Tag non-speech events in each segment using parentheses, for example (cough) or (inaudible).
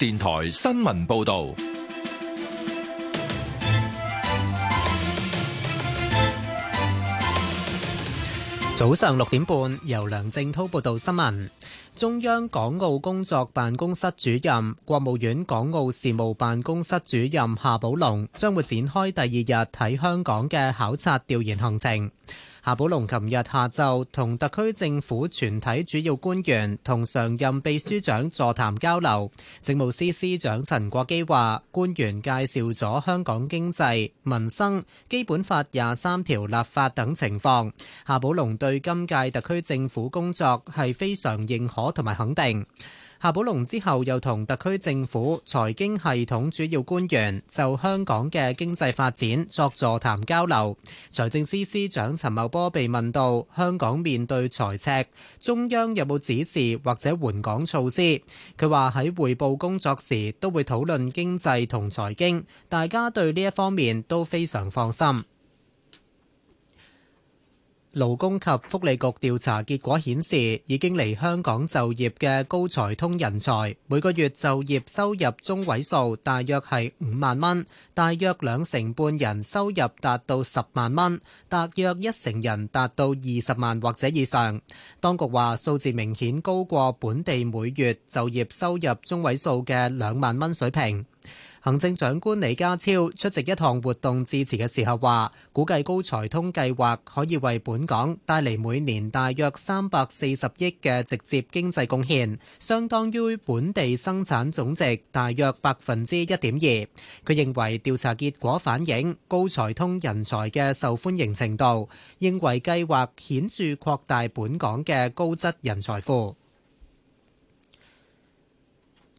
電台新聞報道。早上六點半，由梁正滔報道新聞。中央港澳工作辦公室主任、國務院港澳事務辦公室主任夏寶龍將會展開第二日喺香港嘅考察調研行程。夏寶龍琴日下晝同特區政府全體主要官員同常任秘書長座談交流，政務司司長陳國基話，官員介紹咗香港經濟、民生、基本法廿三條立法等情況。夏寶龍對今屆特區政府工作係非常認可同埋肯定。夏寶龍之後又同特區政府財經系統主要官員就香港嘅經濟發展作座談交流。財政司司長陳茂波被問到香港面對財赤，中央有冇指示或者援港措施？佢話喺匯報工作時都會討論經濟同財經，大家對呢一方面都非常放心。勞工及福利局調查結果顯示，已經嚟香港就業嘅高才通人才每個月就業收入中位數大約係五萬蚊，大約兩成半人收入達到十萬蚊，大約一成人達到二十萬或者以上。當局話數字明顯高過本地每月就業收入中位數嘅兩萬蚊水平。行政長官李家超出席一堂活動致辭嘅時候話，估計高才通計劃可以為本港帶嚟每年大約三百四十億嘅直接經濟貢獻，相當於本地生產總值大約百分之一點二。佢認為調查結果反映高才通人才嘅受歡迎程度，認為計劃顯著擴大本港嘅高質人才庫。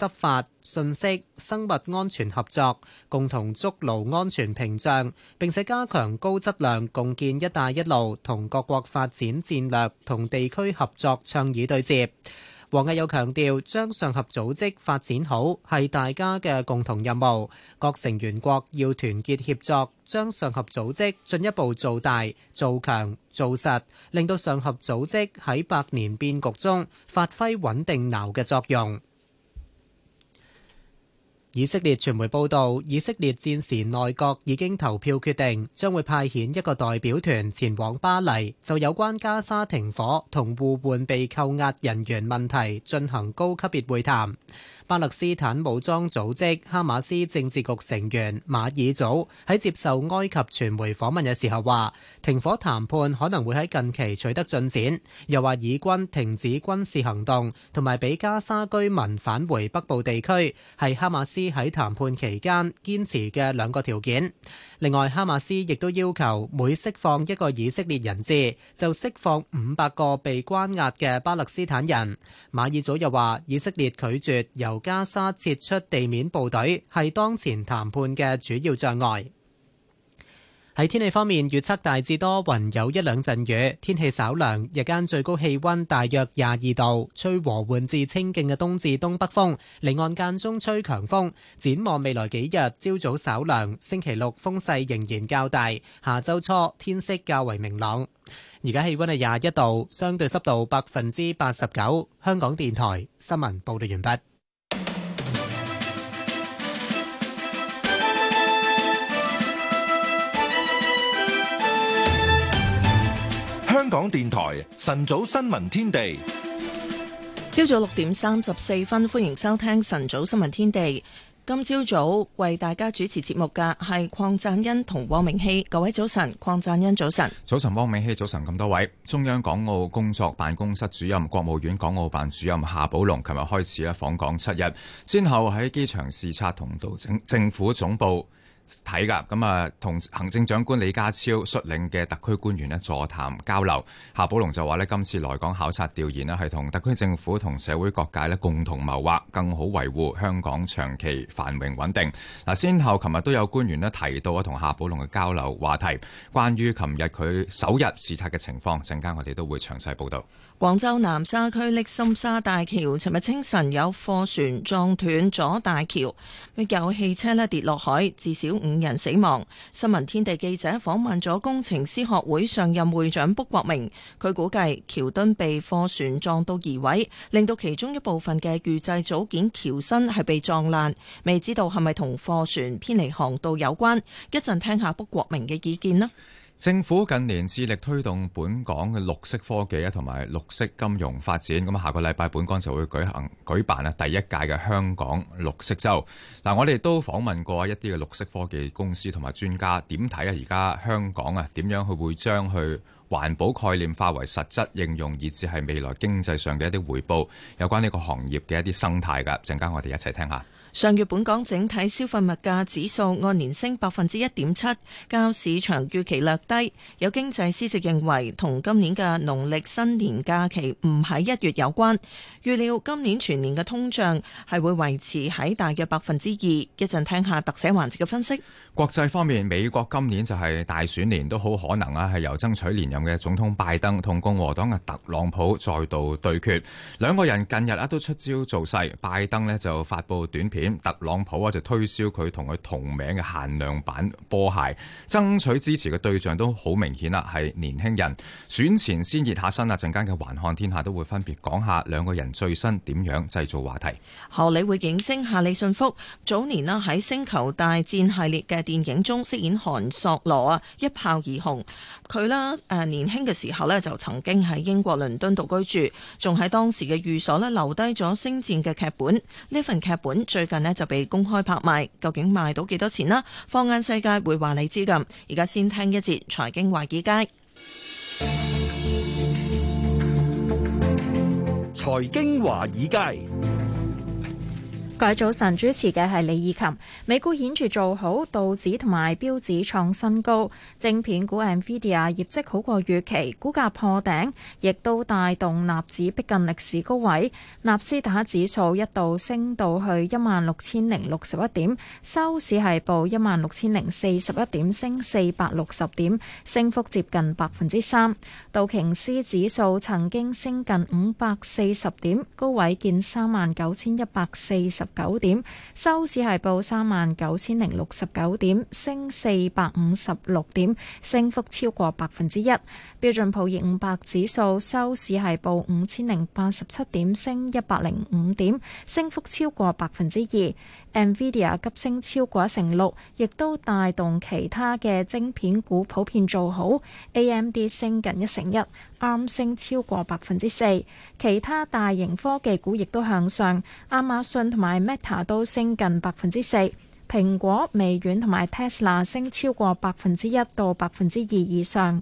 執法信息、生物安全合作，共同築牢安全屏障，並且加強高質量共建“一帶一路”同各國發展戰略同地區合作倡議對接。王毅又強調，將上合組織發展好係大家嘅共同任務，各成員國要團結協作，將上合組織進一步做大、做強、做實，令到上合組織喺百年變局中發揮穩定錨嘅作用。以色列傳媒報道，以色列戰時內閣已經投票決定，將會派遣一個代表團前往巴黎，就有關加沙停火同互換被扣押人員問題進行高級別會談。巴勒斯坦武裝組織哈馬斯政治局成員馬爾祖喺接受埃及傳媒訪問嘅時候話：停火談判可能會喺近期取得進展，又話以軍停止軍事行動同埋俾加沙居民返回北部地區係哈馬斯喺談判期間堅持嘅兩個條件。另外，哈馬斯亦都要求每釋放一個以色列人質就釋放五百個被關押嘅巴勒斯坦人。馬爾祖又話：以色列拒絕由加沙撤出地面部隊係當前談判嘅主要障礙。喺天氣方面，預測大致多雲，有一兩陣雨，天氣稍涼，日間最高氣溫大約廿二度，吹和緩至清勁嘅東至東北風，離岸間中吹強風。展望未來幾日，朝早稍涼，星期六風勢仍然較大。下周初天色較為明朗。而家氣溫係廿一度，相對濕度百分之八十九。香港電台新聞報道完畢。香港電台晨早新聞天地，朝早六點三十四分，歡迎收聽晨早新聞天地。今朝早為大家主持節目嘅係鄺贊恩同汪明熙。各位早晨，鄺贊恩早晨，早晨，汪明熙早晨。咁多位，中央港澳工作辦公室主任、國務院港澳辦主任夏寶龍，琴日開始咧訪港七日，先後喺機場視察同道政政府總部。睇噶，咁啊，同行政長官李家超率領嘅特區官員呢，座談交流。夏寶龍就話呢，今次來港考察調研呢，係同特區政府同社會各界呢，共同謀劃，更好維護香港長期繁榮穩定。嗱，先後琴日都有官員呢提到啊，同夏寶龍嘅交流話題，關於琴日佢首日視察嘅情況。陣間我哋都會詳細報道。廣州南沙區瀝心沙大橋，尋日清晨有貨船撞斷咗大橋，有汽車呢跌落海，至少五人死亡。新聞天地記者訪問咗工程師學會上任會長卜國明，佢估計橋墩被貨船撞到移位，令到其中一部分嘅預製組件橋身係被撞爛，未知道係咪同貨船偏離航道有關。一陣聽下卜國明嘅意見啦。政府近年致力推動本港嘅綠色科技啊，同埋綠色金融發展。咁下個禮拜本港就會舉行舉辦啊第一屆嘅香港綠色週。嗱，我哋都訪問過一啲嘅綠色科技公司同埋專家，點睇啊？而家香港啊，點樣佢會將佢環保概念化為實質應用，以至係未來經濟上嘅一啲回報。有關呢個行業嘅一啲生態噶，陣間我哋一齊聽一下。上月本港整體消費物價指數按年升百分之一點七，較市場預期略低。有經濟師直認為同今年嘅農曆新年假期唔喺一月有關。預料今年全年嘅通脹係會維持喺大約百分之二。一陣聽下特寫環節嘅分析。國際方面，美國今年就係大選年，都好可能啊，係由爭取連任嘅總統拜登同共和黨嘅特朗普再度對決。兩個人近日啊都出招造勢，拜登呢就發布短片。特朗普啊就推銷佢同佢同名嘅限量版波鞋，爭取支持嘅對象都好明顯啦，係年輕人。選前先熱下身啦，陣間嘅環看天下都會分別講下兩個人最新點樣製造話題。荷里活影星夏利遜福早年呢喺《星球大戰》系列嘅電影中飾演韓索羅啊，一炮而紅。佢啦誒年輕嘅時候咧就曾經喺英國倫敦度居住，仲喺當時嘅寓所咧留低咗《星戰》嘅劇本。呢份劇本最。近呢就被公開拍賣，究竟賣到幾多錢呢？放眼世界會話你知咁，而家先聽一節財經華爾街。財經華爾街。早晨主持嘅係李以琴。美股顯著做好，道指同埋標指創新高。晶片股 Nvidia 業績好過預期，股價破頂，亦都帶動納指逼近歷史高位。納斯達指數一度升到去一萬六千零六十一點，收市係報一萬六千零四十一點，升四百六十點，升幅接近百分之三。道瓊斯指數曾經升近五百四十點，高位見三萬九千一百四十。九點收市係報三萬九千零六十九點，升四百五十六點，升幅超過百分之一。標準普爾五百指數收市係報五千零八十七點，升一百零五點，升幅超過百分之二。Nvidia 急升超過一成六，亦都帶動其他嘅晶片股普遍做好。AMD 升近一成一，啱升超過百分之四。其他大型科技股亦都向上，亞馬遜同埋 Meta 都升近百分之四，蘋果、微軟同埋 Tesla 升超過百分之一到百分之二以上。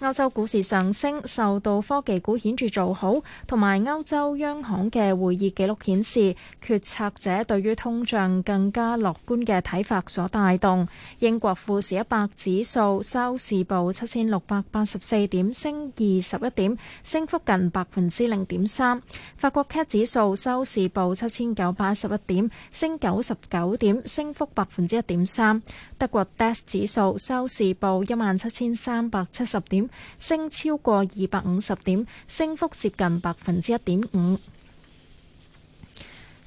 歐洲股市上升，受到科技股顯著做好，同埋歐洲央行嘅會議記錄顯示決策者對於通脹更加樂觀嘅睇法所帶動。英國富時一百指數收市報七千六百八十四點，升二十一點，升幅近百分之零點三。法國 CAC 指數收市報七千九百十一點，升九十九點，升幅百分之一點三。德國 DAX 指數收市報一萬七千三百七十點。升超過二百五十點，升幅接近百分之一點五。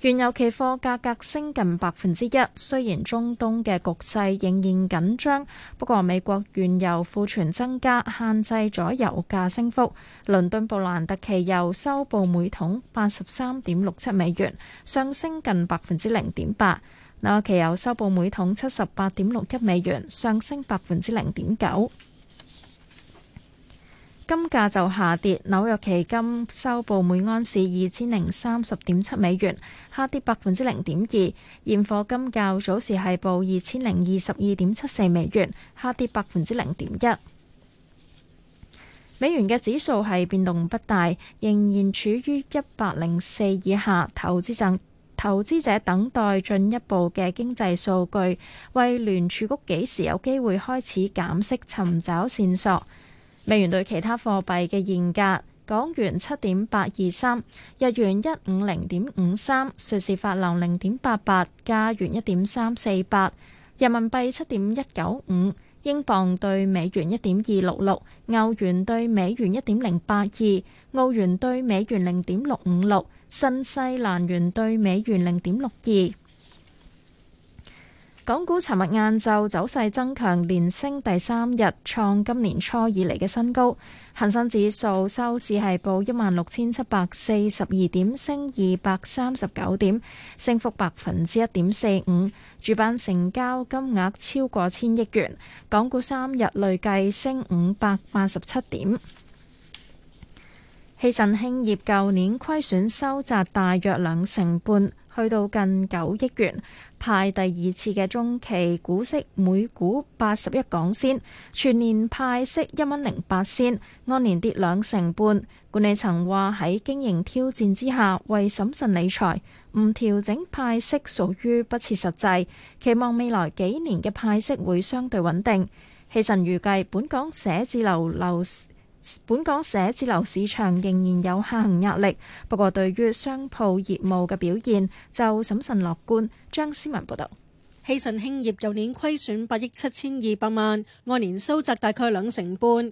原油期貨價格升近百分之一，雖然中東嘅局勢仍然緊張，不過美國原油庫存增加限制咗油價升幅。倫敦布蘭特期油收報每桶八十三點六七美元，上升近百分之零點八。那期油收報每桶七十八點六一美元，上升百分之零點九。金價就下跌，紐約期金收報每盎司二千零三十點七美元，下跌百分之零點二。現貨金較早時係報二千零二十二點七四美元，下跌百分之零點一。美元嘅指數係變動不大，仍然處於一百零四以下。投資者投資者等待進一步嘅經濟數據，為聯儲局幾時有機會開始減息尋找線索。美元對其他貨幣嘅現價：港元七點八二三，日元一五零點五三，瑞士法郎零點八八，加元一點三四八，人民幣七點一九五，英鎊對美元一點二六六，歐元對美元一點零八二，澳元對美元零點六五六，新西蘭元對美元零點六二。港股尋日晏晝走勢增強，連升第三日，創今年初以嚟嘅新高。恒生指數收市係報一萬六千七百四十二點，升二百三十九點，升幅百分之一點四五。主板成交金額超過千億元，港股三日累計升五百八十七點。氣神興業舊年虧損收窄大約兩成半。去到近九億元派第二次嘅中期股息，每股八十一港仙，全年派息一蚊零八仙，按年跌兩成半。管理層話喺經營挑戰之下，為審慎理財，唔調整派息，屬於不切實際。期望未來幾年嘅派息會相對穩定。希慎預計，本港寫字樓樓。本港寫字樓市場仍然有下行壓力，不過對於商鋪業務嘅表現就審慎樂觀。張思文報道，希慎興業舊年虧損八億七千二百萬，按年收窄大概兩成半。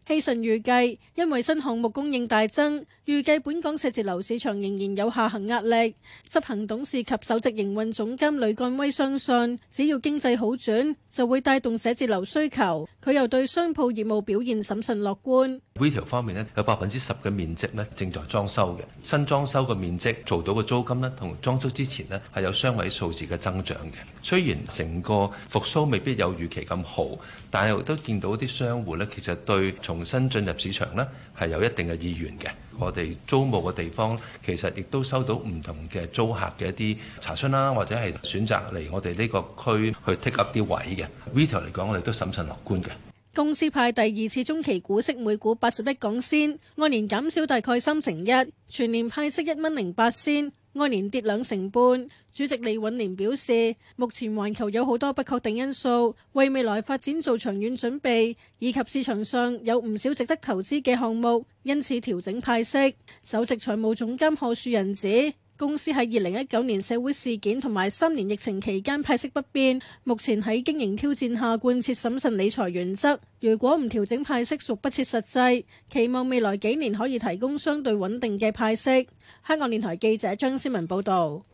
希慎預計，因為新項目供應大增，預計本港寫字樓市場仍然有下行壓力。執行董事及首席營運總監呂幹威相信，只要經濟好轉，就會帶動寫字樓需求，佢又對商鋪業務表現審慎樂觀。Retail 方面咧，有百分之十嘅面積咧正在裝修嘅，新裝修嘅面積做到嘅租金咧同裝修之前咧係有雙位數字嘅增長嘅。雖然成個復蘇未必有預期咁好，但係都見到啲商戶咧其實對重新進入市場咧係有一定嘅意願嘅。我哋租務嘅地方，其實亦都收到唔同嘅租客嘅一啲查詢啦，或者係選擇嚟我哋呢個區去 take up 啲位嘅。Retail 嚟講，我哋都審慎樂觀嘅。公司派第二次中期股息每股八十一港仙，按年減少大概三成一，全年派息一蚊零八仙。按年跌兩成半，主席李允廉表示，目前環球有好多不確定因素，為未來發展做長遠準備，以及市場上有唔少值得投資嘅項目，因此調整派息。首席財務總監何樹仁指。公司喺二零一九年社會事件同埋三年疫情期間派息不變，目前喺經營挑戰下貫徹審慎理財原則。如果唔調整派息，屬不切實際。期望未來幾年可以提供相對穩定嘅派息。香港電台記者張思文報導。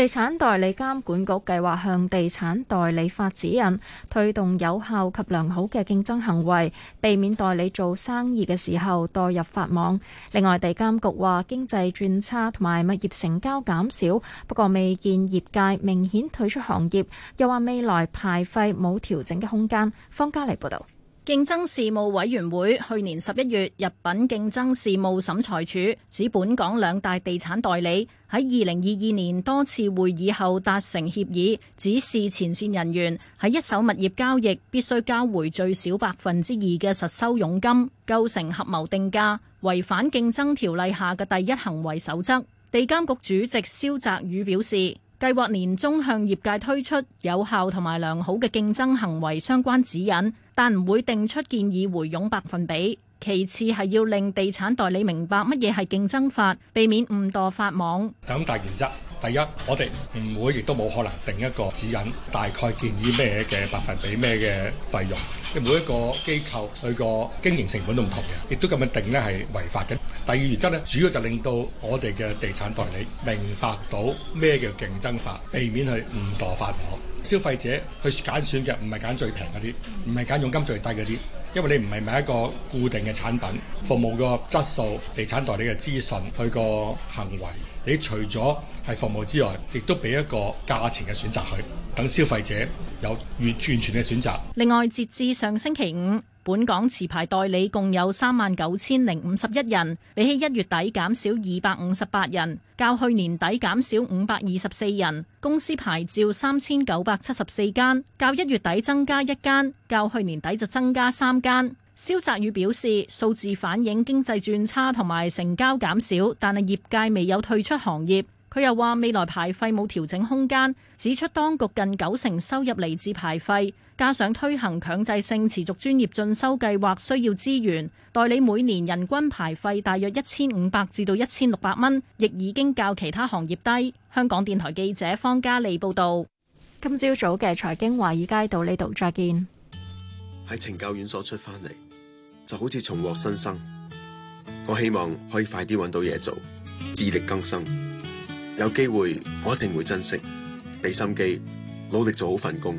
地產代理監管局計劃向地產代理發指引，推動有效及良好嘅競爭行為，避免代理做生意嘅時候墮入法網。另外，地監局話經濟轉差同埋物業成交減少，不過未見業界明顯退出行業，又話未來牌費冇調整嘅空間。方嘉莉報道。競爭事務委員會去年十一月入稟競爭事務審裁處，指本港兩大地產代理喺二零二二年多次會議後達成協議，指示前線人員喺一手物業交易必須交回最少百分之二嘅實收佣金，構成合謀定價，違反競爭條例下嘅第一行為守則。地監局主席蕭澤宇表示，計劃年中向業界推出有效同埋良好嘅競爭行為相關指引。但唔會定出建議回佣百分比。其次係要令地產代理明白乜嘢係競爭法，避免誤墮法網。兩大原則，第一，我哋唔會亦都冇可能定一個指引，大概建議咩嘅百分比、咩嘅費用。每一個機構佢個經營成本都唔同嘅，亦都咁樣定呢係違法嘅。第二原則呢，主要就令到我哋嘅地產代理明白到咩叫競爭法，避免去誤墮法網。消費者去揀選嘅唔係揀最平嗰啲，唔係揀佣金最低嗰啲。因為你唔係買一個固定嘅產品，服務個質素、地產代理嘅資訊、佢個行為，你除咗係服務之外，亦都俾一個價錢嘅選擇去，佢等消費者有完完全嘅選擇。另外，截至上星期五，本港持牌代理共有三萬九千零五十一人，比起一月底減少二百五十八人，較去年底減少五百二十四人。公司牌照三千九百七十四間，較一月底增加一間，較去年底就增加三間。肖澤宇表示，數字反映經濟轉差同埋成交減少，但係業界未有退出行業。佢又話未來牌費冇調整空間，指出當局近九成收入嚟自牌費。加上推行強制性持續專業進修計劃，需要資源代理每年人均牌費大約一千五百至到一千六百蚊，亦已經較其他行業低。香港電台記者方嘉利報道。今朝早嘅財經華爾街到呢度再見。喺懲教院所出翻嚟，就好似重獲新生。我希望可以快啲揾到嘢做，自力更生。有機會我一定會珍惜，俾心機，努力做好份工。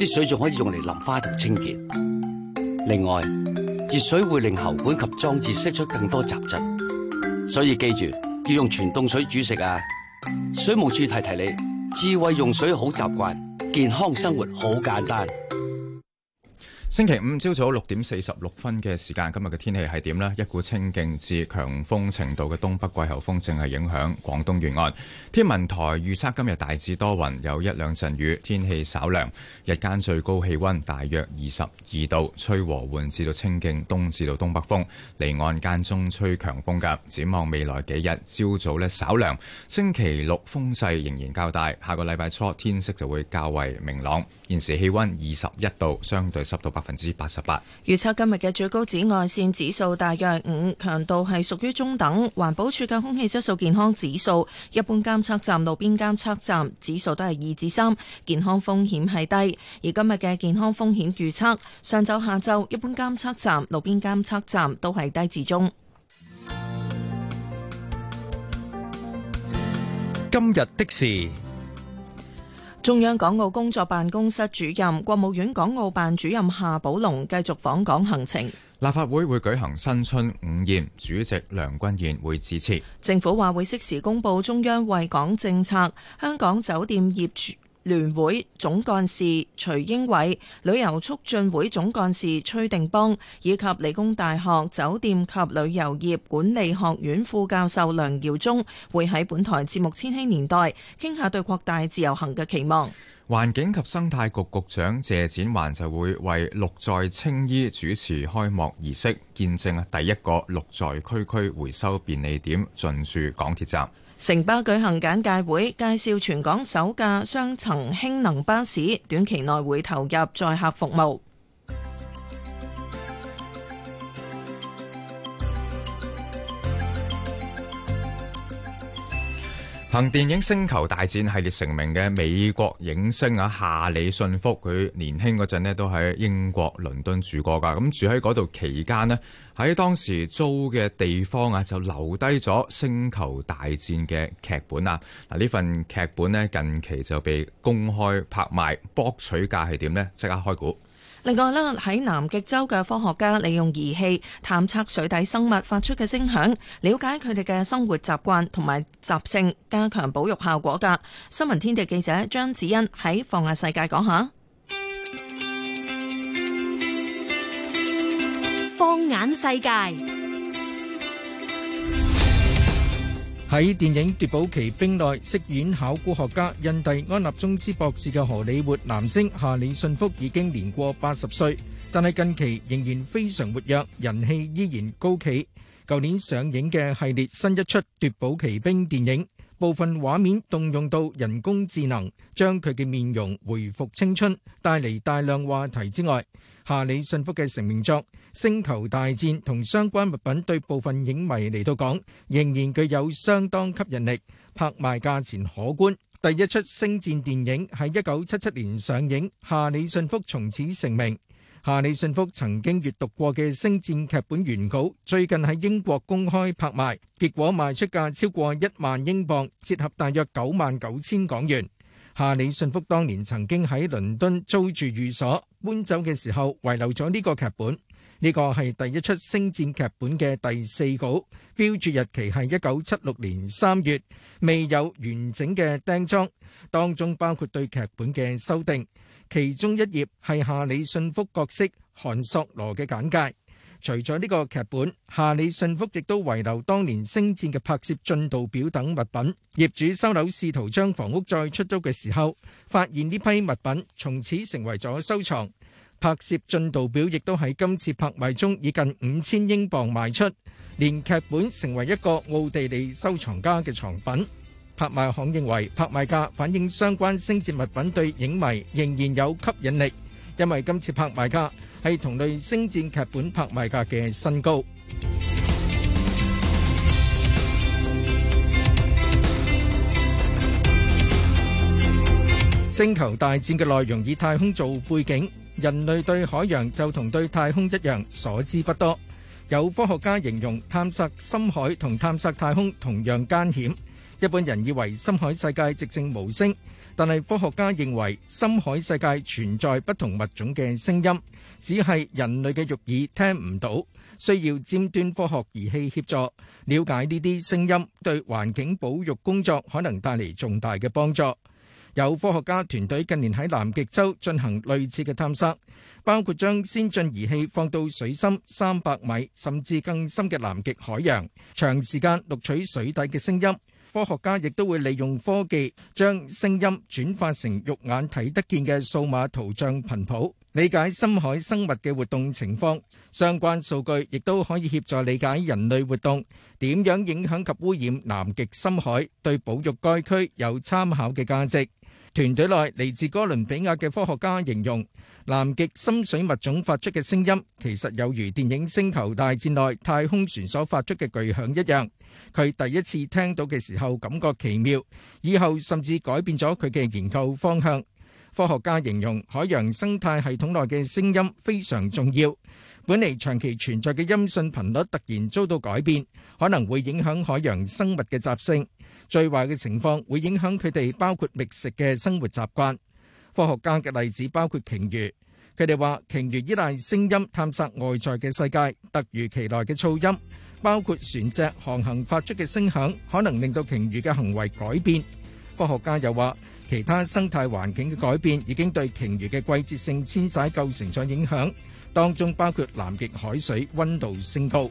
啲水仲可以用嚟淋花同清潔，另外熱水會令喉管及裝置釋出更多雜質，所以記住要用全凍水煮食啊。水務處提提你，智慧用水好習慣，健康生活好簡單。星期五朝早六點四十六分嘅時間，今日嘅天氣係點呢？一股清勁至強風程度嘅東北季候風正係影響廣東沿岸。天文台預測今日大致多雲，有一兩陣雨，天氣稍涼，日間最高氣溫大約二十二度，吹和緩至到清勁東至到東北風，離岸間中吹強風噶。展望未來幾日，朝早呢稍涼，星期六風勢仍然較大，下個禮拜初天色就會較為明朗。現時氣溫二十一度，相對濕度百分之八十八。預測今日嘅最高紫外線指數大約五，強度係屬於中等。環保署嘅空氣質素健康指數，一般監測站、路邊監測站指數都係二至三，健康風險係低。而今日嘅健康風險預測，上晝、下晝一般監測站、路邊監測站都係低至中。今日的是。中央港澳工作辦公室主任、國務院港澳辦主任夏寶龍繼續訪港行程。立法會會舉行新春午宴，主席梁君彥會致辭。政府話會適時公布中央惠港政策。香港酒店業主。聯會總幹事徐英偉、旅遊促進會總幹事崔定邦以及理工大學酒店及旅遊業管理學院副教授梁耀忠會喺本台節目《千禧年代》傾下對擴大自由行嘅期望。環境及生態局局長謝展寰就會為綠在青衣主持開幕儀式，見證第一個綠在區區回收便利點進駐港鐵站。城巴舉行簡介會，介紹全港首架雙層氫能巴士，短期內會投入載客服務。憑《電影星球大戰》系列成名嘅美國影星啊，夏里信福，佢年輕嗰陣咧都喺英國倫敦住過噶，咁住喺嗰度期間呢，喺當時租嘅地方啊就留低咗《星球大戰》嘅劇本啊，嗱呢份劇本咧近期就被公開拍賣，博取價係點呢？即刻開估。另外呢，喺南極洲嘅科學家利用儀器探測水底生物發出嘅聲響，了解佢哋嘅生活習慣同埋習性，加強保育效果㗎。新聞天地記者張子欣喺放眼世界講下，放眼世界。喺電影《奪寶奇兵》內飾演考古學家、印第安納瓊斯博士嘅荷里活男星夏里信福已經年過八十歲，但係近期仍然非常活躍，人氣依然高企。舊年上映嘅系列新一出《奪寶奇兵》電影。部分畫面動用到人工智能，將佢嘅面容回復青春，帶嚟大量話題之外，夏里信福嘅成名作《星球大戰》同相關物品對部分影迷嚟到講，仍然具有相當吸引力，拍賣價錢可觀。第一出《星戰》電影喺一九七七年上映，夏里信福從此成名。夏里信福曾經閱讀過嘅《星戰》劇本原稿，最近喺英國公開拍賣，結果賣出價超過一萬英鎊，折合大約九萬九千港元。夏里遜福當年曾經喺倫敦租住寓所，搬走嘅時候遺留咗呢個劇本。呢、呢個係第一出《星戰》劇本嘅第四稿，標注日期係一九七六年三月，未有完整嘅釘裝，當中包括對劇本嘅修訂。其中一頁係夏里信福角色韓索羅嘅簡介。除咗呢個劇本，夏里信福亦都遺留當年星戰嘅拍攝進度表等物品。業主收樓試圖將房屋再出租嘅時候，發現呢批物品，從此成為咗收藏。拍攝進度表亦都喺今次拍賣中以近五千英鎊賣出，連劇本成為一個奧地利收藏家嘅藏品。拍賣行認為拍賣價反映相關星戰物品對影迷仍然有吸引力，因為今次拍賣價係同類星戰劇本拍賣價嘅新高。星球大戰嘅內容以太空做背景，人類對海洋就同對太空一樣所知不多。有科學家形容，探索深海同探索太空同樣艱險。一般人以為深海世界寂靜無聲，但係科學家認為深海世界存在不同物種嘅聲音，只係人類嘅肉耳聽唔到，需要尖端科學儀器協助了解呢啲聲音，對環境保育工作可能帶嚟重大嘅幫助。有科學家團隊近年喺南極洲進行類似嘅探測，包括將先進儀器放到水深三百米甚至更深嘅南極海洋，長時間錄取水底嘅聲音。科學家亦都會利用科技將聲音轉化成肉眼睇得見嘅數碼圖像頻譜，理解深海生物嘅活動情況。相關數據亦都可以協助理解人類活動點樣影響及污染南極深海，對保育該區有參考嘅價值。團隊內嚟自哥倫比亞嘅科學家形容，南極深水物種發出嘅聲音，其實有如電影《星球大戰》內太空船所發出嘅巨響一樣。佢第一次聽到嘅時候，感覺奇妙，以後甚至改變咗佢嘅研究方向。科學家形容海洋生態系統內嘅聲音非常重要。本嚟長期存在嘅音訊頻率突然遭到改變，可能會影響海洋生物嘅習性。最壞嘅情況會影響佢哋，包括覓食嘅生活習慣。科學家嘅例子包括鯨魚，佢哋話鯨魚依賴聲音探索外在嘅世界，突如其來嘅噪音，包括船隻航行發出嘅聲響，可能令到鯨魚嘅行為改變。科學家又話，其他生態環境嘅改變已經對鯨魚嘅季節性遷徙構成咗影響，當中包括南極海水溫度升高。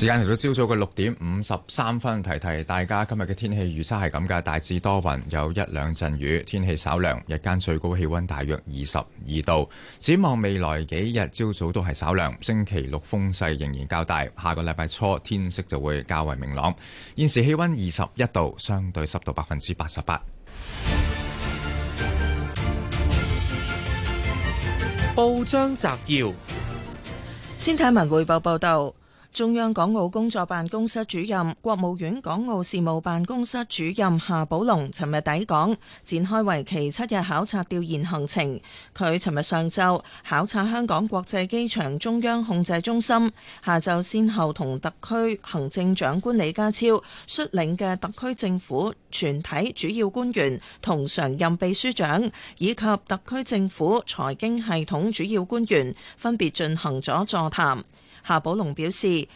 時間嚟到朝早嘅六點五十三分，提提大家今日嘅天氣預測係咁㗎，大致多雲，有一兩陣雨，天氣稍涼，日間最高氣溫大約二十二度。展望未來幾日，朝早都係稍涼，星期六風勢仍然較大。下個禮拜初天色就會較為明朗。現時氣溫二十一度，相對濕度百分之八十八。報章摘要，先睇文匯報報道。中央港澳工作辦公室主任、國務院港澳事務辦公室主任夏寶龍，尋日抵港，展開為期七日考察調研行程。佢尋日上晝考察香港國際機場中央控制中心，下晝先後同特區行政長官李家超率領嘅特區政府全體主要官員、同常任秘書長以及特區政府財經系統主要官員，分別進行咗座談。夏寶龍表示，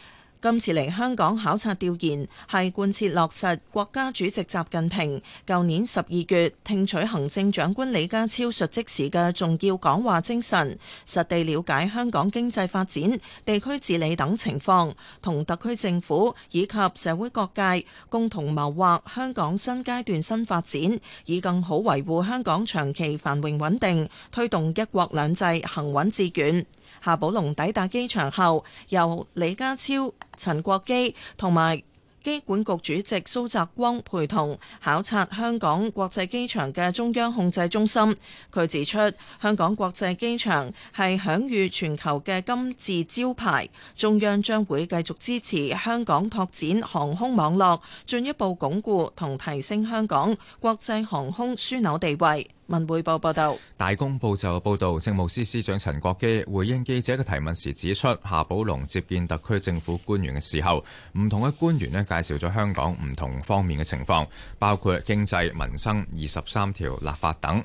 今次嚟香港考察調研，係貫徹落實國家主席習近平舊年十二月聽取行政長官李家超述職時嘅重要講話精神，實地了解香港經濟發展、地區治理等情況，同特區政府以及社會各界共同謀劃香港新階段新發展，以更好維護香港長期繁榮穩定，推動一國兩制行穩致遠。夏寶龍抵達機場後，由李家超、陳國基同埋機管局主席蘇澤光陪同考察香港國際機場嘅中央控制中心。佢指出，香港國際機場係享譽全球嘅金字招牌，中央將會繼續支持香港拓展航空網絡，進一步鞏固同提升香港國際航空樞紐地位。文匯報報道，大公報就報道政務司司長陳國基回應記者嘅提問時指出，夏寶龍接見特區政府官員嘅時候，唔同嘅官員呢，介紹咗香港唔同方面嘅情況，包括經濟、民生、二十三條立法等。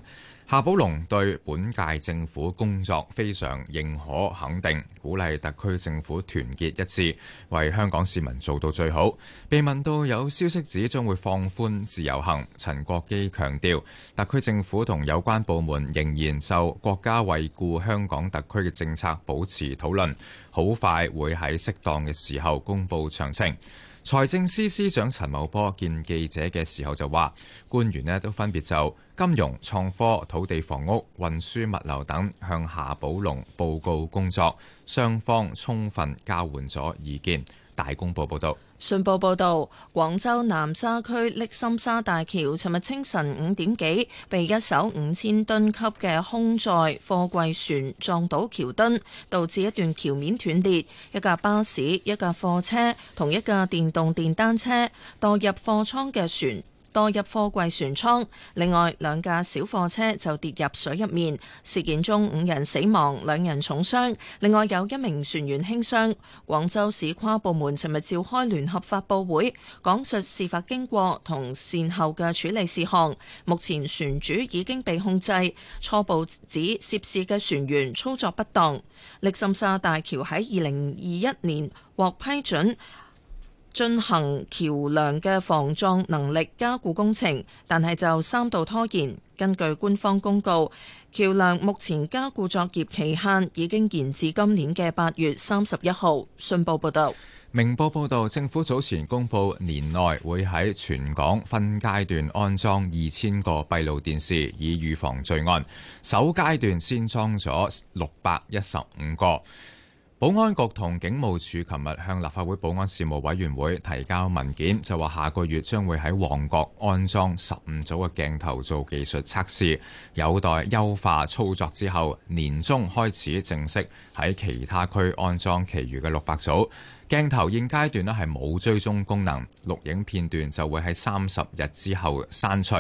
夏寶龍對本屆政府工作非常認可肯定，鼓勵特區政府團結一致，為香港市民做到最好。被問到有消息指將會放寬自由行，陳國基強調，特區政府同有關部門仍然就國家惠顧香港特區嘅政策保持討論，好快會喺適當嘅時候公布詳情。財政司司長陳茂波見記者嘅時候就話，官員呢都分別就金融、創科、土地、房屋、運輸、物流等向夏寶龍報告工作，雙方充分交換咗意見。大公報報導，信報報導，廣州南沙區瀝心沙大橋，尋日清晨五點幾，被一艘五千噸級嘅空載貨櫃船撞倒橋墩，導致一段橋面斷裂，一架巴士、一架貨車同一架電動電單車墮入貨艙嘅船。墮入貨櫃船艙，另外兩架小貨車就跌入水入面。事件中五人死亡，兩人重傷，另外有一名船員輕傷。廣州市跨部門尋日召開聯合發佈會，講述事發經過同善後嘅處理事項。目前船主已經被控制，初步指涉事嘅船員操作不當。瀝心沙大橋喺二零二一年獲批准。進行橋梁嘅防撞能力加固工程，但係就三度拖延。根據官方公告，橋梁目前加固作業期限已經延至今年嘅八月三十一號。信報報道，明報報道，政府早前公布，年內會喺全港分階段安裝二千個閉路電視，以預防罪案。首階段先裝咗六百一十五個。保安局同警務處琴日向立法會保安事務委員會提交文件，就話下個月將會喺旺角安裝十五組嘅鏡頭做技術測試，有待優化操作之後，年中開始正式喺其他區安裝其餘嘅六百組鏡頭。現階段咧係冇追蹤功能，錄影片段就會喺三十日之後刪除。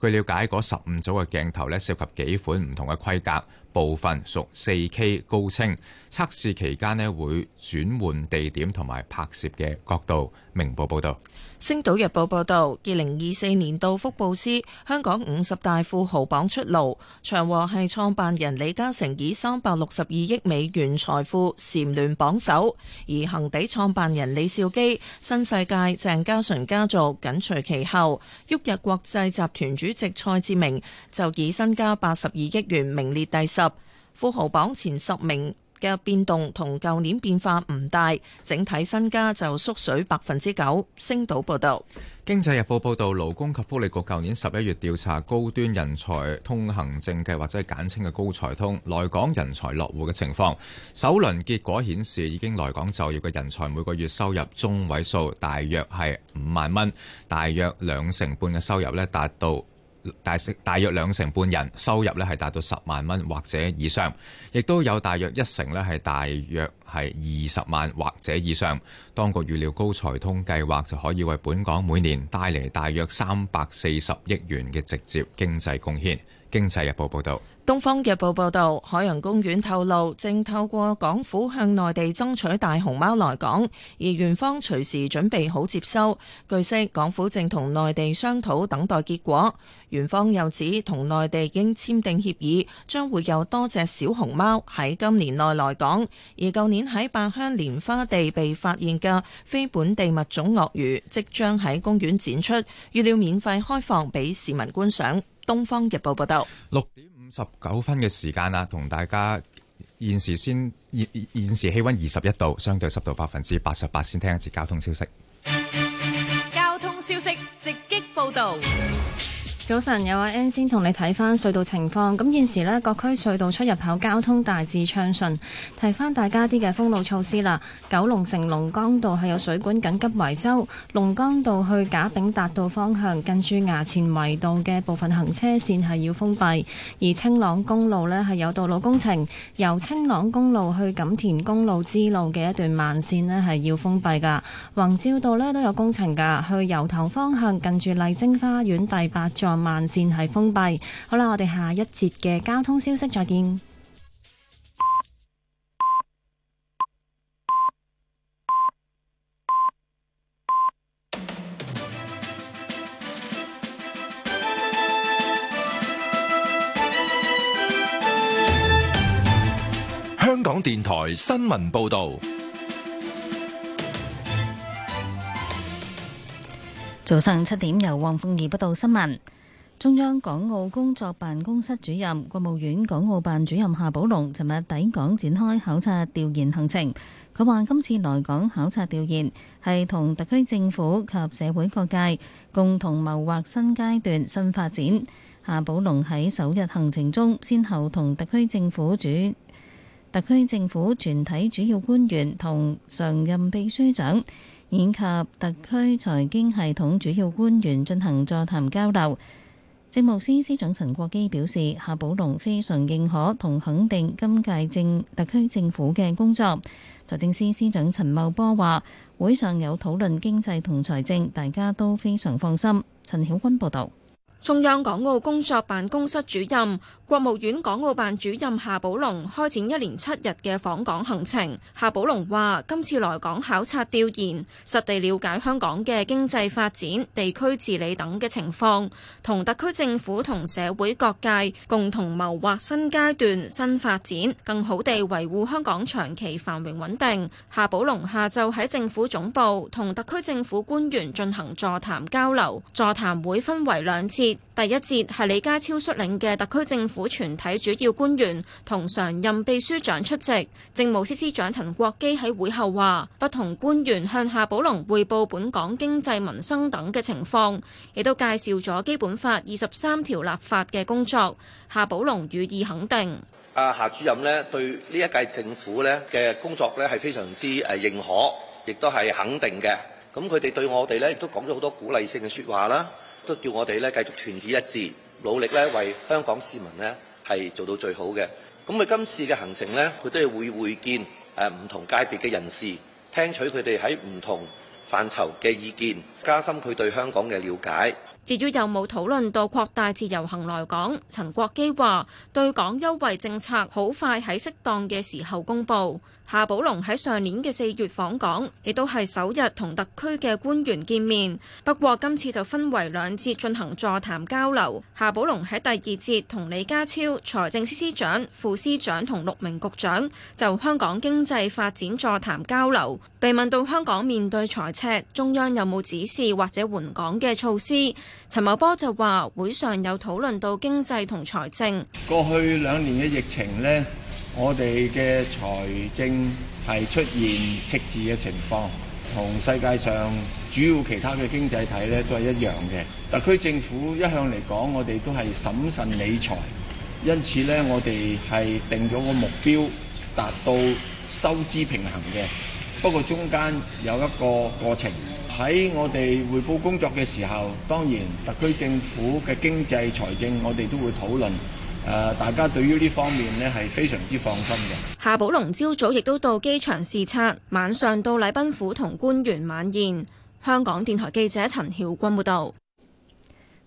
據了解，十五組嘅鏡頭咧涉及幾款唔同嘅規格。部分屬 4K 高清，測試期間呢，會轉換地點同埋拍攝嘅角度。明報報導，《星島日報》報導，二零二四年度福布斯香港五十大富豪榜出爐，長和系創辦人李嘉誠以三百六十二億美元財富蟬聯榜首，而恒地創辦人李兆基、新世界鄭家純家族緊隨其後，旭日國際集團主席蔡志明就以身家八十二億元名列第十富豪榜前十名。嘅變動同舊年變化唔大，整體身家就縮水百分之九。星島報導，《經濟日報》報導，勞工及福利局舊年十一月調查高端人才通行證計劃，或者係簡稱嘅高才通，來港人才落戶嘅情況。首輪結果顯示，已經來港就業嘅人才每個月收入中位數大約係五萬蚊，大約兩成半嘅收入咧達到。大大約兩成半人收入咧係達到十萬蚊或者以上，亦都有大約一成咧係大約係二十萬或者以上。當局預料高財通計劃就可以為本港每年帶嚟大約三百四十億元嘅直接經濟貢獻。經濟日報報導。《東方日報》報道，海洋公園透露正透過港府向內地爭取大熊貓來港，而園方隨時準備好接收。據悉，港府正同內地商討，等待結果。園方又指同內地已經簽訂協議，將會有多隻小熊貓喺今年內來港。而舊年喺百香蓮花地被發現嘅非本地物種鱷魚，即將喺公園展出，預料免費開放俾市民觀賞。《東方日報》報道。十九分嘅時間啦，同大家現時先現，現時氣温二十一度，相對濕度百分之八十八，先聽一次交通消息。交通消息直擊報導。早晨，有啊 N 先同你睇翻隧道情況。咁現時呢，各區隧道出入口交通大致暢順。提翻大家啲嘅封路措施啦。九龍城龍崗道係有水管緊急維修。龍崗道去賈炳達道方向，近住衙前圍道嘅部分行車線係要封閉。而青朗公路呢係有道路工程，由青朗公路去錦田公路支路嘅一段慢線呢係要封閉噶。宏照道呢都有工程噶，去油塘方向近住麗晶花園第八座。慢線係封閉。好啦，我哋下一節嘅交通消息，再見。香港電台新聞報導，早上七點由黃鳳儀報道新聞。中央港澳工作辦公室主任、國務院港澳辦主任夏寶龍尋日抵港展開考察調研行程。佢話今次來港考察調研係同特區政府及社會各界共同謀劃新階段新發展。夏寶龍喺首日行程中，先後同特區政府主特區政府全體主要官員同常任秘書長以及特區財經系統主要官員進行座談交流。政務司司長陳國基表示，夏寶龍非常認可同肯定今屆政特區政府嘅工作。財政司司長陳茂波話，會上有討論經濟同財政，大家都非常放心。陳曉君報道。中央港澳工作辦公室主任、國務院港澳辦主任夏寶龍開展一連七日嘅訪港行程。夏寶龍話：今次來港考察調研，實地了解香港嘅經濟發展、地區治理等嘅情況，同特區政府同社會各界共同謀劃新階段新發展，更好地維護香港長期繁榮穩定。夏寶龍下晝喺政府總部同特區政府官員進行座談交流，座談會分為兩次。第一節係李家超率領嘅特區政府全體主要官員同常任秘書長出席，政務司司長陳國基喺會後話，不同官員向夏寶龍匯報本港經濟民生等嘅情況，亦都介紹咗《基本法》二十三條立法嘅工作。夏寶龍予以肯定。阿夏主任呢，對呢一屆政府呢嘅工作呢，係非常之誒認可，亦都係肯定嘅。咁佢哋對我哋呢，亦都講咗好多鼓勵性嘅說話啦。都叫我哋咧繼續團結一致，努力咧為香港市民呢，係做到最好嘅。咁佢今次嘅行程呢，佢都係會會見誒唔同界別嘅人士，聽取佢哋喺唔同範疇嘅意見，加深佢對香港嘅了解。至於有冇討論到擴大自由行來港？陳國基話：對港優惠政策好快喺適當嘅時候公佈。夏寶龍喺上年嘅四月訪港，亦都係首日同特區嘅官員見面。不過今次就分為兩節進行座談交流。夏寶龍喺第二節同李家超、財政司司長、副司長同六名局長就香港經濟發展座談交流。被問到香港面對財赤，中央有冇指示或者援港嘅措施，陳茂波就話會上有討論到經濟同財政。過去兩年嘅疫情呢。我哋嘅財政係出現赤字嘅情況，同世界上主要其他嘅經濟體呢都係一樣嘅。特區政府一向嚟講，我哋都係審慎理財，因此呢，我哋係定咗個目標，達到收支平衡嘅。不過中間有一個過程。喺我哋匯報工作嘅時候，當然特區政府嘅經濟財政，我哋都會討論。誒，大家對於呢方面呢係非常之放心嘅。夏寶龍朝早亦都到機場視察，晚上到禮賓府同官員晚宴。香港電台記者陳曉君報道。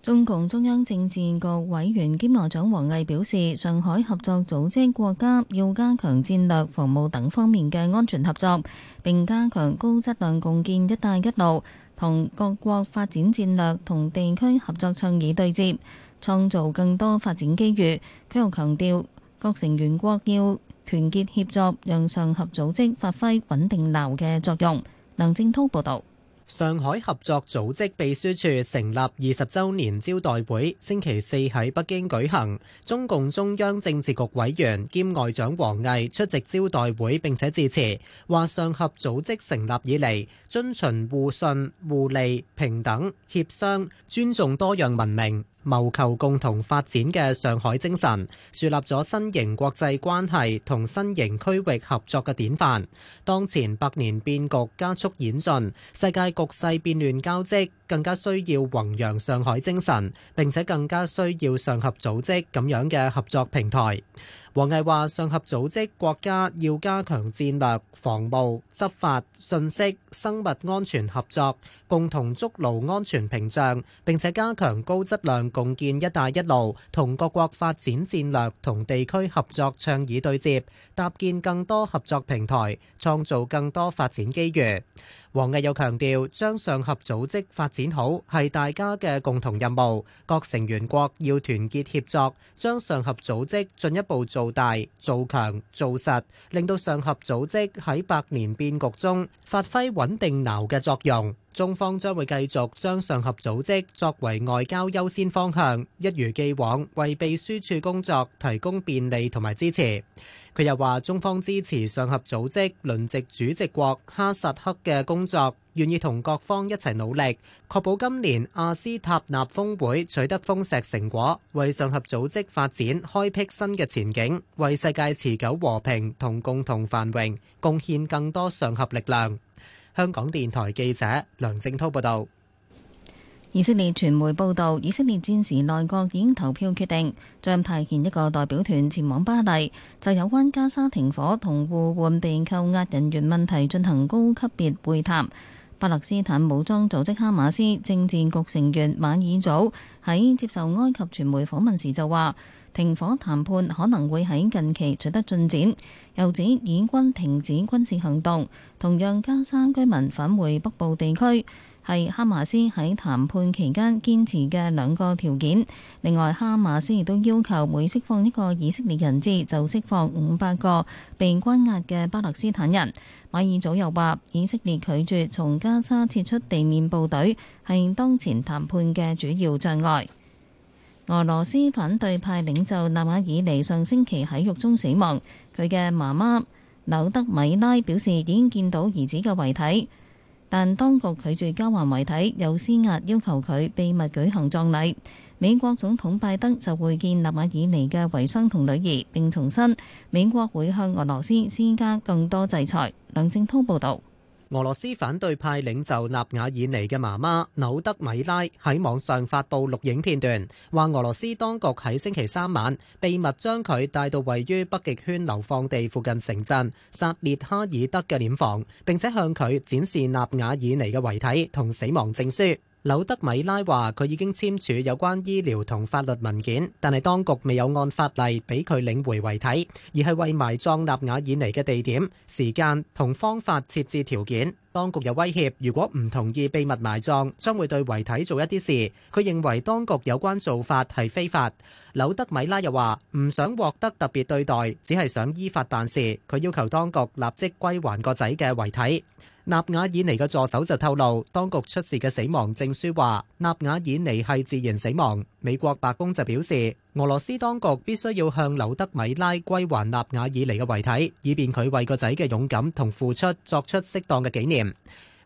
中共中央政治局委員兼外長王毅表示，上海合作組織國家要加強戰略防務等方面嘅安全合作，並加強高質量共建“一帶一路”同各國發展戰略同地區合作倡議對接。創造更多發展機遇。佢又強調，各成員國要團結協作，讓上合組織發揮穩定錨嘅作用。梁正滔報導，上海合作組織秘書處成立二十週年招待會星期四喺北京舉行。中共中央政治局委員兼外長王毅出席招待會並且致辭，話上合組織成立以嚟，遵循互信、互利、平等、協商、尊重多樣文明。謀求共同發展嘅上海精神，樹立咗新型國際關係同新型區域合作嘅典範。當前百年變局加速演進，世界局勢變亂交織，更加需要弘揚上海精神，並且更加需要上合組織咁樣嘅合作平台。王毅話：上合組織國家要加強戰略防務、執法、信息、生物安全合作，共同築牢安全屏障；並且加強高質量共建“一帶一路”，同各國發展戰略同地區合作倡議對接，搭建更多合作平台，創造更多發展機遇。王毅又強調，將上合組織發展好係大家嘅共同任務，各成員國要團結協作，將上合組織進一步做大、做強、做實，令到上合組織喺百年變局中發揮穩定錨嘅作用。中方將會繼續將上合組織作為外交優先方向，一如既往為秘書處工作提供便利同埋支持。佢又話：中方支持上合組織輪值主席國哈薩克嘅工作，願意同各方一齊努力，確保今年阿斯塔納峰會取得豐碩成果，為上合組織發展開闢新嘅前景，為世界持久和平同共同繁榮貢獻更多上合力量。香港電台記者梁正滔報導。以色列傳媒報道，以色列戰時內閣已經投票決定，將派遣一個代表團前往巴黎，就有關加沙停火同互換被扣押人員問題進行高級別會談。巴勒斯坦武裝組織哈馬斯政治局成員馬爾祖喺接受埃及傳媒訪問時就話，停火談判可能會喺近期取得進展，又指以軍停止軍事行動，同讓加沙居民返回北部地區。係哈馬斯喺談判期間堅持嘅兩個條件。另外，哈馬斯亦都要求每釋放一個以色列人質，就釋放五百個被關押嘅巴勒斯坦人。馬爾祖又話：以色列拒絕從加沙撤出地面部隊，係當前談判嘅主要障礙。俄羅斯反對派領袖納瓦爾尼上星期喺獄中死亡，佢嘅媽媽柳德米拉表示已經見到兒子嘅遺體。但當局拒絕交還遺體，又施壓要求佢秘密舉行葬禮。美國總統拜登就會見納瓦爾尼嘅遺孀同女兒，並重申美國會向俄羅斯施加更多制裁。梁正滔報導。俄羅斯反對派領袖納瓦爾尼嘅媽媽紐德米拉喺網上發布錄影片段，話俄羅斯當局喺星期三晚秘密將佢帶到位於北極圈流放地附近城鎮薩列哈爾德嘅殮房，並且向佢展示納瓦爾尼嘅遺體同死亡證書。柳德米拉話：佢已經簽署有關醫療同法律文件，但係當局未有按法例俾佢領回遺體，而係為埋葬納瓦爾尼嘅地點、時間同方法設置條件。當局有威脅，如果唔同意秘密埋葬，將會對遺體做一啲事。佢認為當局有關做法係非法。柳德米拉又話：唔想獲得特別對待，只係想依法辦事。佢要求當局立即歸還個仔嘅遺體。納瓦爾尼嘅助手就透露，當局出示嘅死亡證書話納瓦爾尼係自然死亡。美國白宮就表示，俄羅斯當局必須要向柳德米拉歸還納瓦爾尼嘅遺體，以便佢為個仔嘅勇敢同付出作出適當嘅紀念。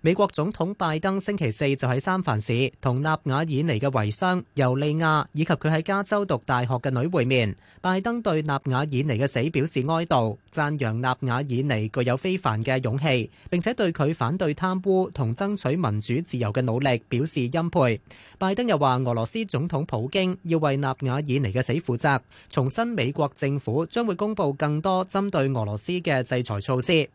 美國總統拜登星期四就喺三藩市同納瓦爾尼嘅遺孀尤利亞以及佢喺加州讀大學嘅女會面。拜登對納瓦爾尼嘅死表示哀悼，讚揚納瓦爾尼具有非凡嘅勇氣，並且對佢反對貪污同爭取民主自由嘅努力表示欽佩。拜登又話，俄羅斯總統普京要為納瓦爾尼嘅死負責，重申美國政府將會公布更多針對俄羅斯嘅制裁措施。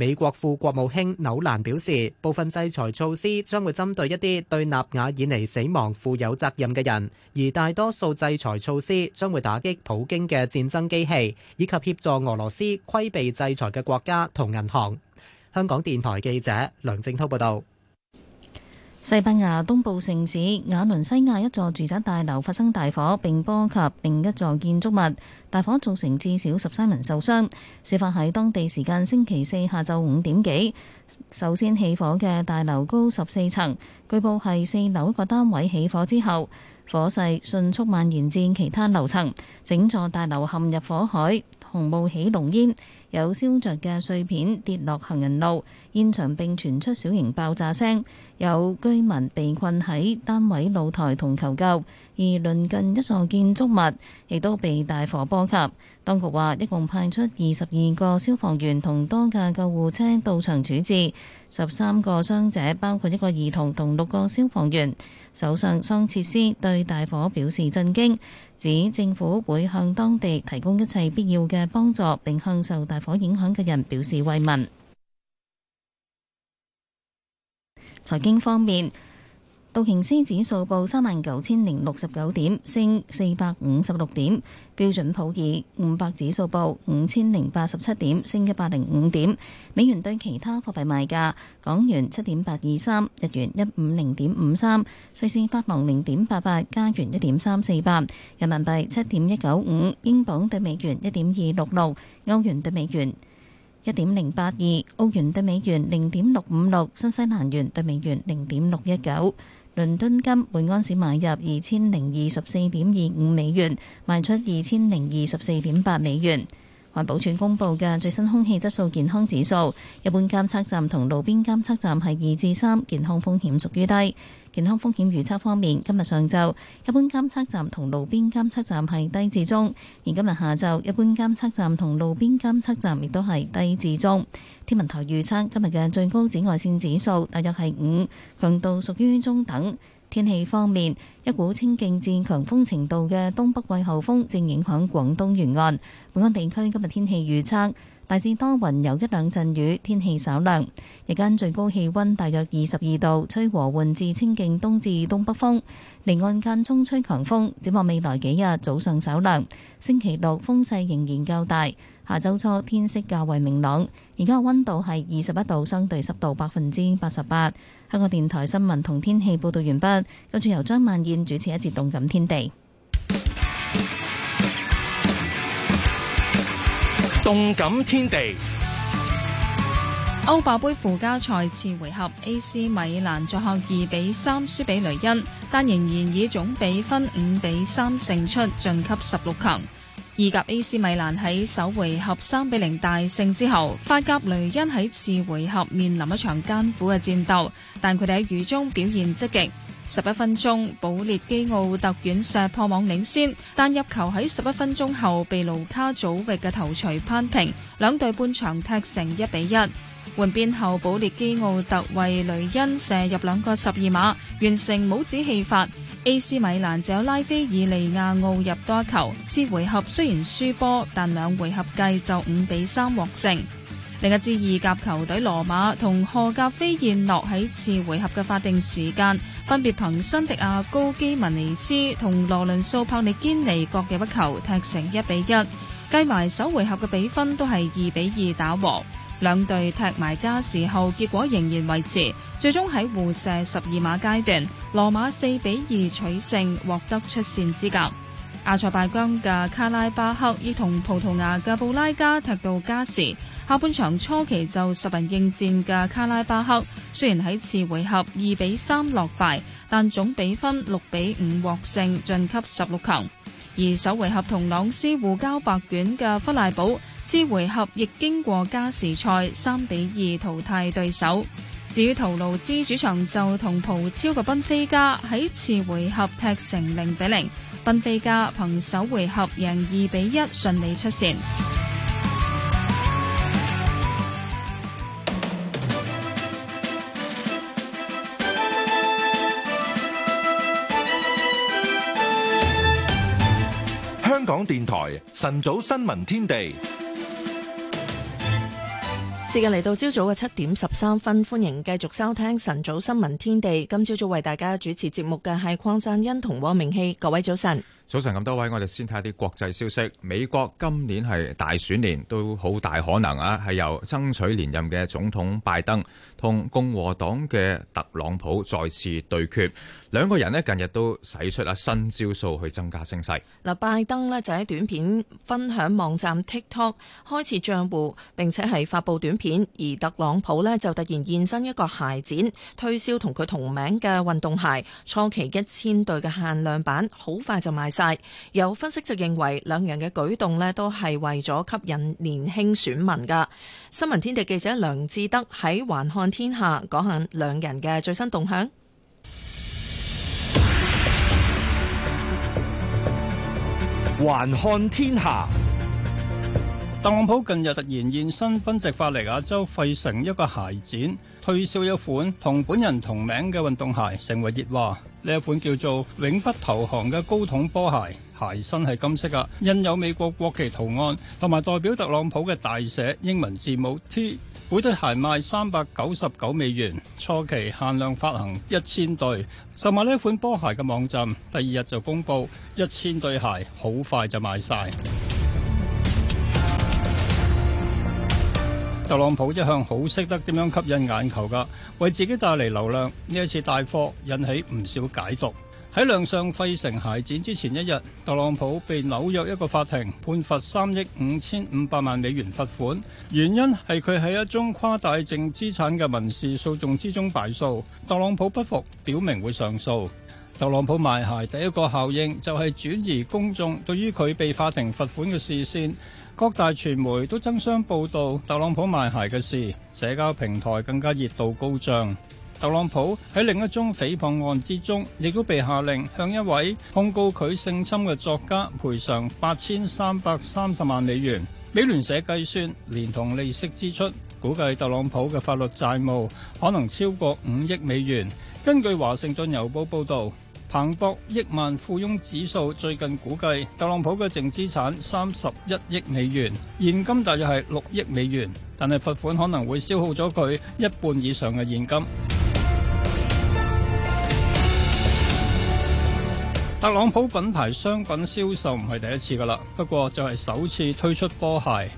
美國副國務卿紐蘭表示，部分制裁措施將會針對一啲對納瓦爾尼死亡負有責任嘅人，而大多數制裁措施將會打擊普京嘅戰爭機器，以及協助俄羅斯規避制裁嘅國家同銀行。香港電台記者梁正滔報導。西班牙東部城市瓦倫西亞一座住宅大樓發生大火，並波及另一座建築物。大火造成至少十三人受傷，事發喺當地時間星期四下晝五點幾。首先起火嘅大樓高十四層，據報係四樓一個單位起火之後，火勢迅速蔓延至其他樓層，整座大樓陷入火海，濃霧起濃煙。有燒着嘅碎片跌落行人路，現場並傳出小型爆炸聲，有居民被困喺單位露台同求救，而鄰近一座建築物亦都被大火波及。當局話，一共派出二十二個消防員同多架救護車到場處置。十三個傷者，包括一個兒童同六個消防員。首相桑切斯對大火表示震驚，指政府會向當地提供一切必要嘅幫助，並向受大火影響嘅人表示慰問。財經方面。道瓊斯指數報三萬九千零六十九點，升四百五十六點；標準普爾五百指數報五千零八十七點，升一百零五點。美元對其他貨幣賣價：港元七點八二三，日元一五零點五三，瑞士法郎零點八八，加元一點三四八，人民幣七點一九五，英鎊對美元一點二六六，歐元對美元一點零八二，澳元對美元零點六五六，新西蘭元對美元零點六一九。倫敦金每安士買入二千零二十四點二五美元，賣出二千零二十四點八美元。環保署公布嘅最新空氣質素健康指數，一般監測站同路邊監測站係二至三，健康風險屬於低。健康風險預測方面，今日上晝一般監測站同路邊監測站係低至中，而今日下晝一般監測站同路邊監測站亦都係低至中。天文台預測今日嘅最高紫外線指數大約係五，強度屬於中等。天氣方面，一股清勁至強風程度嘅東北季候風正影響廣東沿岸，本港地區今日天氣預測。大致多雲，有一兩陣雨，天氣稍涼。日間最高氣温大約二十二度，吹和緩至清勁東至東北風。離岸間中吹強風。展望未來幾日早上稍涼，星期六風勢仍然較大。下周初天色較為明朗。而家温度係二十一度，相對濕度百分之八十八。香港電台新聞同天氣報道完畢，跟住由張曼燕主持一節《動感天地》。動感天地，歐霸盃附加賽次回合，A.C. 米蘭作客二比三輸俾雷恩，但仍然以總比分五比三勝出晉級十六強。意甲 A.C. 米蘭喺首回合三比零大勝之後，法甲雷恩喺次回合面臨一場艱苦嘅戰鬥，但佢哋喺雨中表現積極。十一分鐘，保列基奧特遠射破網領先，但入球喺十一分鐘後被盧卡祖域嘅頭槌攀平，兩隊半場踢成一比一。換邊後，保列基奧特為雷恩射入兩個十二碼，完成帽子戲法。A.C. 米蘭就有拉菲爾利亞奧入多球，次回合雖然輸波，但兩回合計就五比三獲勝。另一支意甲球隊羅馬同荷甲飛燕諾喺次回合嘅法定時間，分別憑辛迪亞高基文尼斯同羅倫素帕利堅尼各嘅一球，踢成一比一。計埋首回合嘅比分都係二比二打和，兩隊踢埋加時後結果仍然維持。最終喺互射十二碼階段，羅馬四比二取勝獲得出線資格。阿塞拜疆嘅卡拉巴克亦同葡萄牙嘅布拉加踢到加時。下半場初期就十人應戰嘅卡拉巴克，雖然喺次回合二比三落敗，但總比分六比五獲勝晉級十六強。而首回合同朗斯互交白卷嘅弗賴堡，次回合亦經過加時賽三比二淘汰對手。至於圖盧茲主場就同葡超嘅賓菲加喺次回合踢成零比零，賓菲加憑首回合贏二比一順利出線。香港電台晨早新聞天地，時間嚟到朝早嘅七點十三分，歡迎繼續收聽晨早新聞天地。今朝早為大家主持節目嘅係鄺贊欣同汪明希，各位早晨。早晨，咁多位，我哋先睇下啲國際消息。美國今年係大選年，都好大可能啊，係由爭取連任嘅總統拜登同共和黨嘅特朗普再次對決。兩個人咧近日都使出啊新招數去增加聲勢。嗱，拜登咧就喺短片分享網站 TikTok 開設賬戶，並且係發布短片；而特朗普咧就突然現身一個鞋展，推銷同佢同名嘅運動鞋，初期一千對嘅限量版，好快就賣。有分析就認為，兩人嘅舉動呢都係為咗吸引年輕選民㗎。新聞天地記者梁志德喺《環看天下》講下兩人嘅最新動向。環看天下，特朗普近日突然現身，賓夕法尼亞州費城一個鞋展，推銷一款同本人同名嘅運動鞋，成為熱話。呢一款叫做永不投降嘅高筒波鞋，鞋身係金色噶，印有美國國旗圖案同埋代表特朗普嘅大寫英文字母 T。每對鞋賣三百九十九美元，初期限量發行一千對。售賣呢一款波鞋嘅網站，第二日就公布一千對鞋好快就賣晒。特朗普一向好識得點樣吸引眼球噶，為自己帶嚟流量。呢一次帶貨引起唔少解讀。喺亮相費城鞋展之前一日，特朗普被紐約一個法庭判罰三億五千五百萬美元罰款，原因係佢喺一宗誇大淨資產嘅民事訴訟之中敗訴。特朗普不服，表明會上訴。特朗普賣鞋第一個效應就係轉移公眾對於佢被法庭罰款嘅視線。各大傳媒都爭相報導特朗普賣鞋嘅事，社交平台更加熱度高漲。特朗普喺另一宗誹謗案之中，亦都被下令向一位控告佢性侵嘅作家賠償八千三百三十萬美元。美聯社計算，連同利息支出，估計特朗普嘅法律債務可能超過五億美元。根據華盛頓郵報報導。彭博億萬富翁指數最近估計特朗普嘅淨資產三十一億美元，現金大約係六億美元，但係罰款可能會消耗咗佢一半以上嘅現金。 (music) 特朗普品牌商品銷售唔係第一次㗎啦，不過就係首次推出波鞋。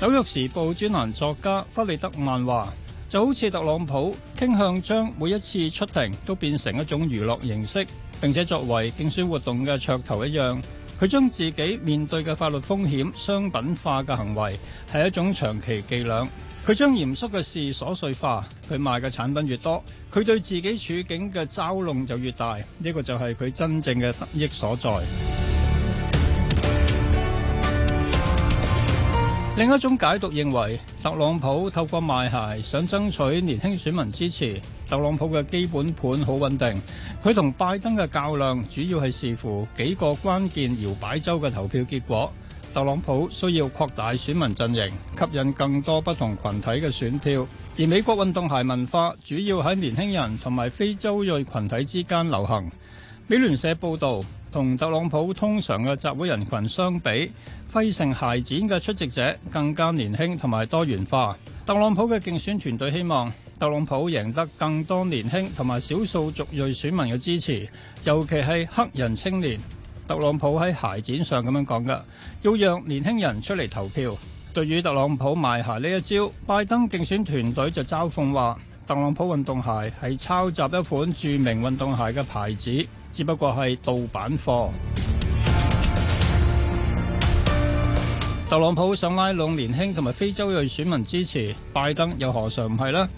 紐約時報專欄作家弗利德曼話：就好似特朗普傾向將每一次出庭都變成一種娛樂形式。並且作為競選活動嘅噱頭一樣，佢將自己面對嘅法律風險商品化嘅行為係一種長期伎倆。佢將嚴肅嘅事瑣碎化，佢賣嘅產品越多，佢對自己處境嘅嘲弄就越大。呢個就係佢真正嘅得益所在。 (music) 另一種解讀認為，特朗普透過賣鞋想爭取年輕選民支持。特朗普嘅基本盤好穩定，佢同拜登嘅較量主要係視乎幾個關鍵搖擺州嘅投票結果。特朗普需要擴大選民陣營，吸引更多不同群體嘅選票。而美國運動鞋文化主要喺年輕人同埋非洲裔群體之間流行。美聯社報道，同特朗普通常嘅集會人群相比，費城鞋展嘅出席者更加年輕同埋多元化。特朗普嘅競選團隊希望。特朗普贏得更多年輕同埋少數族裔選民嘅支持，尤其係黑人青年。特朗普喺鞋展上咁樣講噶，要讓年輕人出嚟投票。對於特朗普賣鞋呢一招，拜登競選團隊就嘲諷話：特朗普運動鞋係抄襲一款著名運動鞋嘅牌子，只不過係盜版貨。 (music) 特朗普想拉攏年輕同埋非洲裔選民支持，拜登又何嘗唔係呢？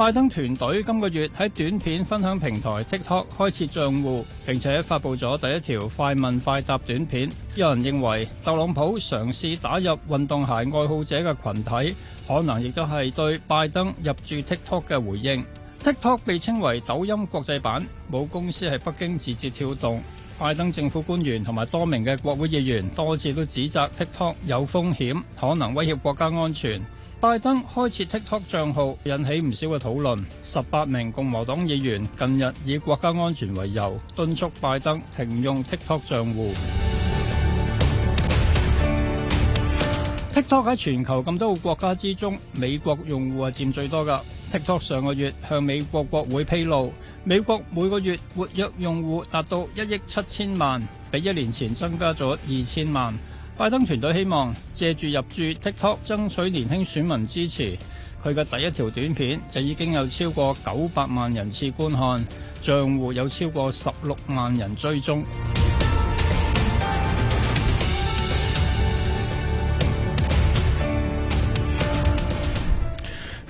拜登團隊今個月喺短片分享平台 TikTok 開設賬戶，並且發布咗第一條快問快答短片。有人認為，特朗普嘗試打入運動鞋愛好者嘅群體，可能亦都係對拜登入駐 TikTok 嘅回應。TikTok 被稱為抖音國際版，母公司係北京字節跳動。拜登政府官員同埋多名嘅國會議員多次都指責 TikTok 有風險，可能威脅國家安全。拜登開設 TikTok 賬號引起唔少嘅討論，十八名共和黨議員近日以國家安全為由敦促拜登停用 TikTok 賬戶。TikTok 喺全球咁多個國家之中，美國用戶係佔最多㗎。TikTok 上個月向美國國會披露，美國每個月活躍用戶達到一億七千萬，比一年前增加咗二千萬。拜登團隊希望借住入駐 TikTok 爭取年輕選民支持，佢嘅第一條短片就已經有超過九百萬人次觀看，帳戶有超過十六萬人追蹤。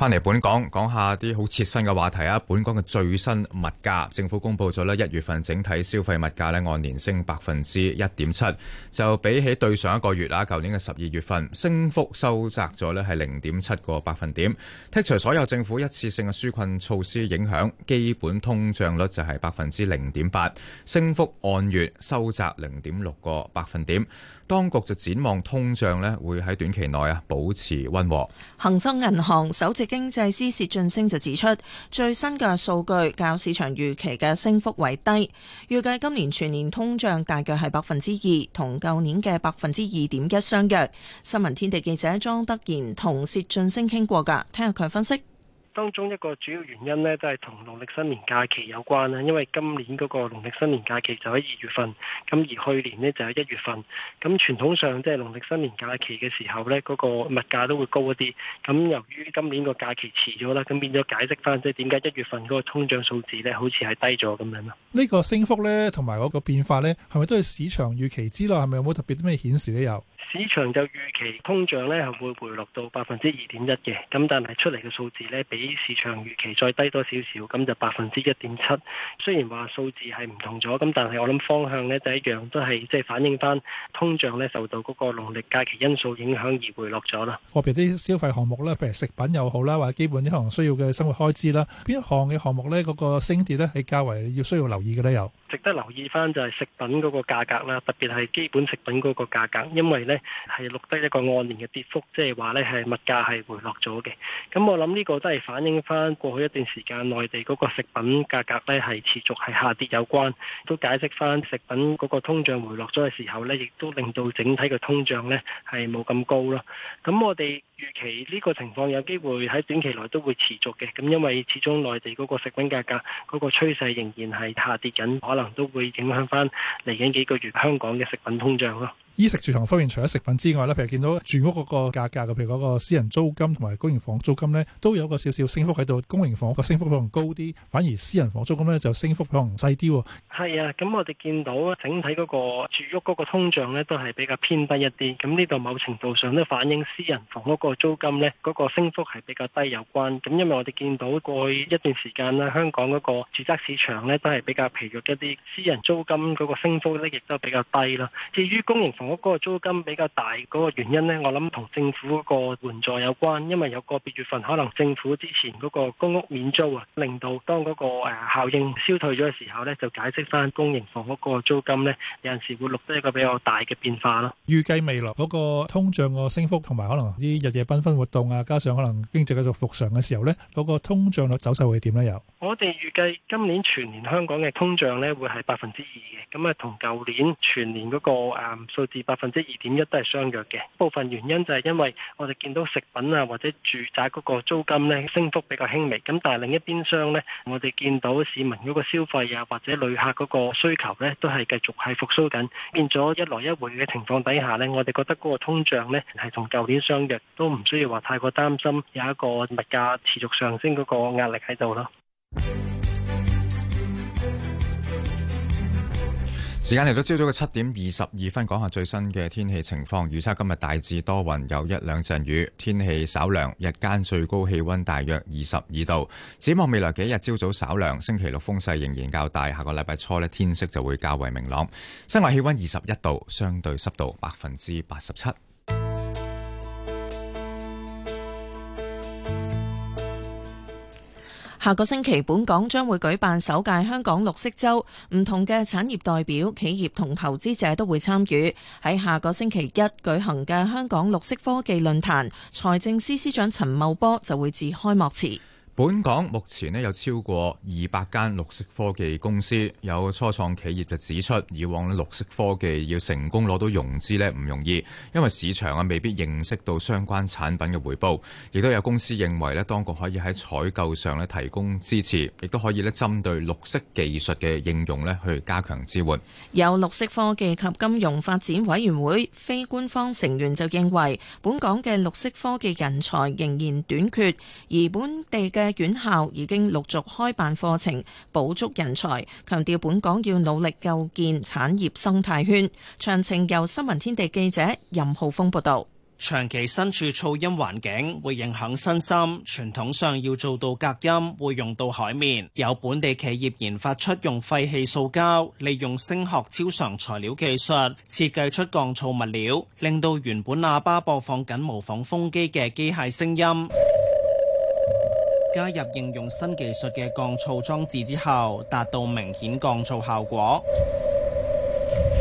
返嚟本港，講下啲好切身嘅話題啊！本港嘅最新物價，政府公布咗呢一月份整體消費物價呢按年升百分之一點七，就比起對上一個月啊，舊年嘅十二月份，升幅收窄咗呢係零點七個百分點。剔除所有政府一次性嘅紓困措施影響，基本通脹率就係百分之零點八，升幅按月收窄零點六個百分點。當局就展望通脹呢，會喺短期內啊保持温和。恒生銀行首席經濟師薛俊昇就指出，最新嘅數據較市場預期嘅升幅為低，預計今年全年通脹大約係百分之二，同舊年嘅百分之二點一相若。新聞天地記者莊德賢同薛俊昇傾過㗎，聽日佢分析。當中一個主要原因呢，都係同農曆新年假期有關啦。因為今年嗰個農曆新年假期就喺二月份，咁而去年呢，就喺一月份。咁傳統上即係農曆新年假期嘅時候呢，嗰個物價都會高一啲。咁由於今年個假期遲咗啦，咁變咗解釋返，即係點解一月份嗰個通脹數字呢好似係低咗咁樣咯。呢個升幅呢，同埋嗰個變化呢，係咪都係市場預期之內？係咪有冇特別咩顯示呢？有？市場就預期通脹咧係會回落到百分之二點一嘅，咁但係出嚟嘅數字咧比市場預期再低多少少，咁就百分之一點七。雖然話數字係唔同咗，咁但係我諗方向咧第一樣都係即係反映翻通脹咧受到嗰個農曆假期因素影響而回落咗咯。個別啲消費項目咧，譬如食品又好啦，或者基本啲可能需要嘅生活開支啦，邊一項嘅項目咧嗰個升跌咧係較為要需要留意嘅咧？有值得留意翻就係食品嗰個價格啦，特別係基本食品嗰個價格，因為咧。係錄得一個按年嘅跌幅，即係話呢係物價係回落咗嘅。咁我諗呢個都係反映翻過去一段時間內地嗰個食品價格呢係持續係下跌有關，都解釋翻食品嗰個通脹回落咗嘅時候呢，亦都令到整體嘅通脹呢係冇咁高囉。咁我哋。預期呢個情況有機會喺短期內都會持續嘅，咁因為始終內地嗰個食品價格嗰個趨勢仍然係下跌緊，可能都會影響翻嚟緊幾個月香港嘅食品通脹咯。衣食住行方面，除咗食品之外咧，譬如見到住屋嗰個價格嘅，譬如嗰個私人租金同埋公營房租金咧，都有個少少升幅喺度。公營房個升幅可能高啲，反而私人房租金咧就升幅可能低啲。係啊，咁我哋見到整體嗰個住屋嗰個通脹咧都係比較偏低一啲。咁呢度某程度上都反映私人房屋個。個租金呢，嗰個升幅係比較低有關。咁因為我哋見到過去一段時間呢，香港嗰個住宅市場呢都係比較疲弱，一啲私人租金嗰個升幅呢亦都比較低啦。至於公營房屋嗰個租金比較大嗰個原因呢，我諗同政府嗰個援助有關。因為有個別月份可能政府之前嗰個公屋免租啊，令到當嗰個誒效應消退咗嘅時候呢，就解釋返公營房屋嗰個租金呢有陣時會錄得一個比較大嘅變化咯。預計未來嗰個通脹個升幅同埋可能啲日日。繽紛活動啊，加上可能經濟繼續復常嘅時候，那個，呢，嗰個通脹率走勢會點呢？有我哋預計今年全年香港嘅通脹呢會係百分之二嘅，咁啊同舊年全年嗰個誒數字百分之二點一都係相約嘅。部分原因就係因為我哋見到食品啊或者住宅嗰個租金呢升幅比較輕微，咁但係另一邊廂呢，我哋見到市民嗰個消費啊或者旅客嗰個需求呢都係繼續係復蘇緊，變咗一來一回嘅情況底下呢，我哋覺得嗰個通脹呢係同舊年相約都。唔需要話太過擔心，有一個物價持續上升嗰個壓力喺度咯。時間嚟到朝早嘅七點二十二分，講下最新嘅天氣情況。預測今日大致多雲，有一兩陣雨，天氣稍涼，日間最高氣溫大約二十二度。展望未來幾日，朝早稍涼，星期六風勢仍然較大。下個禮拜初咧，天色就會較為明朗。室外氣溫二十一度，相對濕度百分之八十七。下個星期，本港將會舉辦首屆香港綠色週，唔同嘅產業代表、企業同投資者都會參與。喺下個星期一舉行嘅香港綠色科技論壇，財政司司長陳茂波就會致開幕詞。本港目前呢有超過二百間綠色科技公司，有初創企業就指出，以往呢綠色科技要成功攞到融資呢唔容易，因為市場啊未必認識到相關產品嘅回報。亦都有公司認為呢，當局可以喺採購上呢提供支持，亦都可以呢針對綠色技術嘅應用呢去加強支援。有綠色科技及金融發展委員會非官方成員就認為，本港嘅綠色科技人才仍然短缺，而本地嘅嘅院校已經陸續開辦課程，補足人才。強調本港要努力構建產業生態圈。詳情由新聞天地記者任浩峰報道。長期身處噪音環境會影響身心，傳統上要做到隔音會用到海綿。有本地企業研發出用廢棄塑膠，利用聲學超常材料技術設計出降噪物料，令到原本喇叭播放緊模仿風機嘅機械聲音，加入應用新技術嘅降噪裝置之後，達到明顯降噪效果。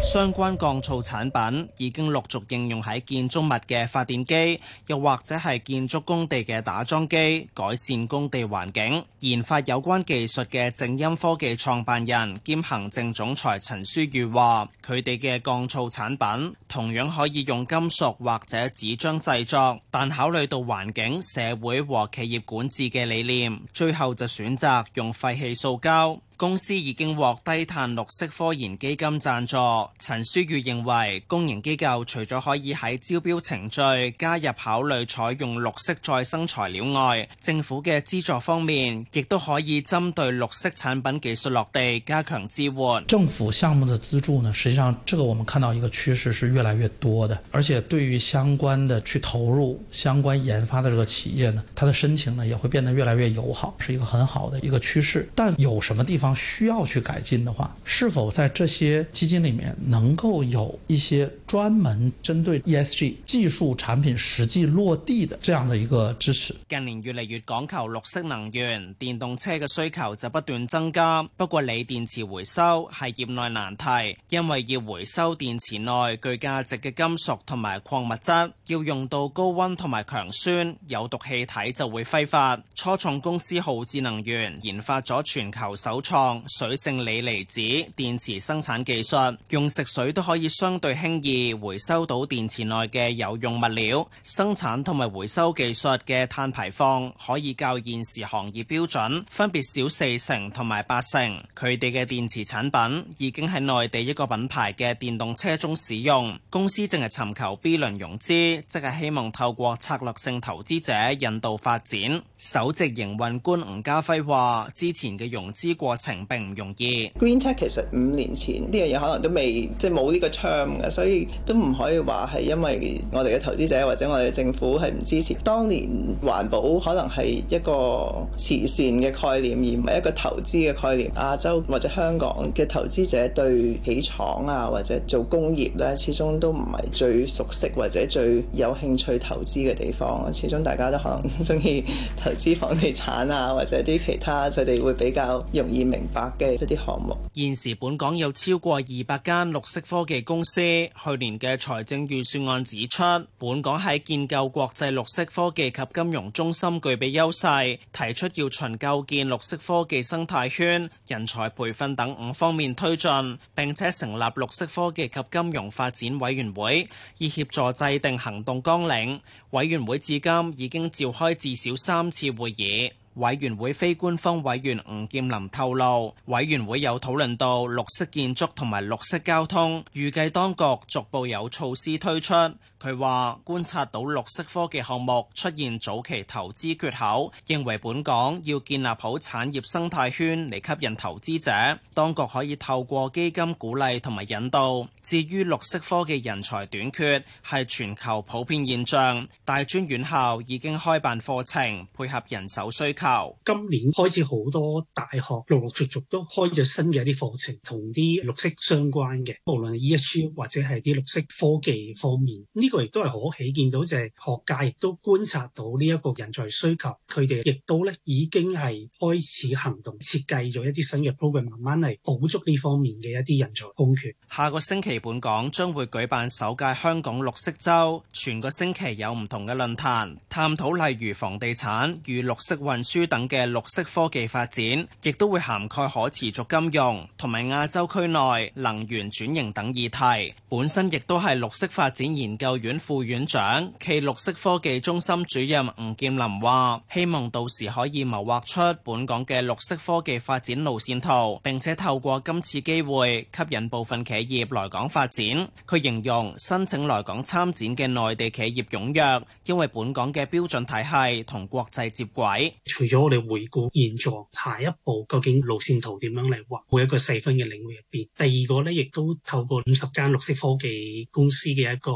相關降噪產品已經陸續應用喺建築物嘅發電機，又或者係建築工地嘅打樁機，改善工地環境。研發有關技術嘅靜音科技創辦人兼行政總裁陳書宇話，佢哋嘅降噪產品同樣可以用金屬或者紙張製作，但考慮到環境、社會和企業管治嘅理念，最後就選擇用廢棄塑膠。公司已經獲低碳綠色科研基金贊助。陳書宇認為，公營機構除咗可以喺招標程序加入考慮採用綠色再生材料外，政府嘅資助方面亦都可以針對綠色產品技術落地加強支援。政府項目嘅資助呢，實際上這個我們看到一個趨勢是越來越多的，而且對於相關的去投入、相關研發的這個企業呢，它的申請呢也會變得越來越友好，是一個很好的一個趨勢。但有什麼地方，需要去改進的話，是否在這些基金裏面能夠有一些專門針對 ESG 技術產品實際落地的這樣的一個支持？近年越嚟越講求綠色能源，電動車嘅需求就不斷增加。不過鋰電池回收係業內難題，因為要回收電池內具價值嘅金屬同埋礦物質，要用到高溫同埋強酸，有毒氣體就會揮發。初創公司好智能源研發咗全球首創。水性鋰離子電池生產技術，用食水都可以相對輕易回收到電池內嘅有用物料，生產同埋回收技術嘅碳排放可以較現時行業標準分別少四成同埋八成。佢哋嘅電池產品已經喺內地一個品牌嘅電動車中使用。公司淨係尋求 B 輪融資，即係希望透過策略性投資者引導發展。首席營運官吳家輝話，之前嘅融資過程並並唔容易。Green tech 其實五年前呢樣嘢，可能都未即係冇呢個 term 嘅，所以都唔可以話係因為我哋嘅投資者或者我哋嘅政府係唔支持。當年環保可能係一個慈善嘅概念，而唔係一個投資嘅概念。亞洲或者香港嘅投資者對起廠啊或者做工業咧，始終都唔係最熟悉或者最有興趣投資嘅地方。始終大家都可能中意投資房地產啊，或者啲其他佢哋會比較容易。明白嘅一啲項目。現時本港有超過二百間綠色科技公司。去年嘅財政預算案指出，本港喺建構國際綠色科技及金融中心具備優勢，提出要循構建綠色科技生態圈、人才培訓等五方面推進，並且成立綠色科技及金融發展委員會，以協助制定行動綱領。委員會至今已經召開至少三次會議。委員會非官方委員吳劍林透露，委員會有討論到綠色建築同埋綠色交通，預計當局逐步有措施推出。佢話觀察到綠色科技項目出現早期投資缺口，認為本港要建立好產業生態圈嚟吸引投資者。當局可以透過基金鼓勵同埋引導。至於綠色科技人才短缺係全球普遍現象，大專院校已經開辦課程配合人手需求。今年開始好多大學陸陸續續都開咗新嘅一啲課程，同啲綠色相關嘅，無論 EHS 或者係啲綠色科技方面。呢個亦都係可喜，見到就係學界亦都觀察到呢一個人才需求，佢哋亦都咧已經係開始行動，設計咗一啲新嘅 program，慢慢係補足呢方面嘅一啲人才空缺。下個星期本港將會舉辦首屆香港綠色周，全個星期有唔同嘅論壇，探討例如房地產與綠色運輸等嘅綠色科技發展，亦都會涵蓋可持續金融同埋亞洲區內能源轉型等議題。本身亦都係綠色發展研究院副院長、暨綠色科技中心主任吳建林話：希望到時可以謀劃出本港嘅綠色科技發展路線圖，並且透過今次機會吸引部分企業來港發展。佢形容申請來港參展嘅內地企業踴躍，因為本港嘅標準體系同國際接軌。除咗我哋回顧現狀，下一步究竟路線圖點樣嚟畫？每一個細分嘅領域入邊，第二個呢，亦都透過五十間綠色科技公司嘅一個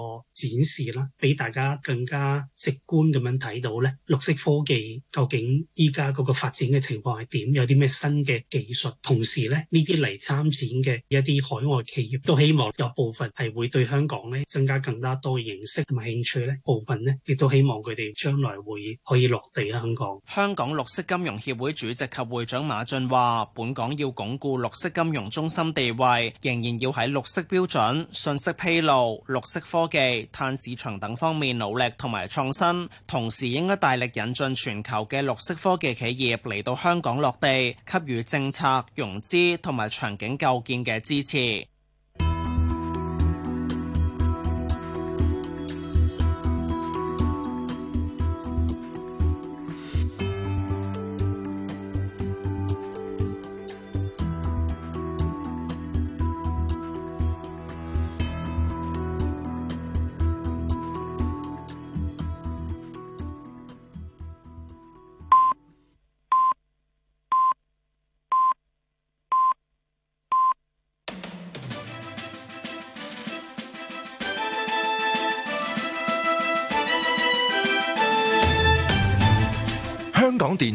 展示啦，俾大家更加直觀咁樣睇到咧，綠色科技究竟依家嗰個發展嘅情況係點？有啲咩新嘅技術？同時咧，呢啲嚟參展嘅一啲海外企業都希望有部分係會對香港咧增加更加多認識同埋興趣咧。部分呢，亦都希望佢哋將來會可以落地香港。香港綠色金融協會主席及會長馬俊話，本港要鞏固綠色金融中心地位，仍然要喺綠色標準、信息披露、綠色科技、市場等方面努力同埋創新，同時應該大力引進全球嘅綠色科技企業嚟到香港落地，給予政策、融資同埋場景構建嘅支持。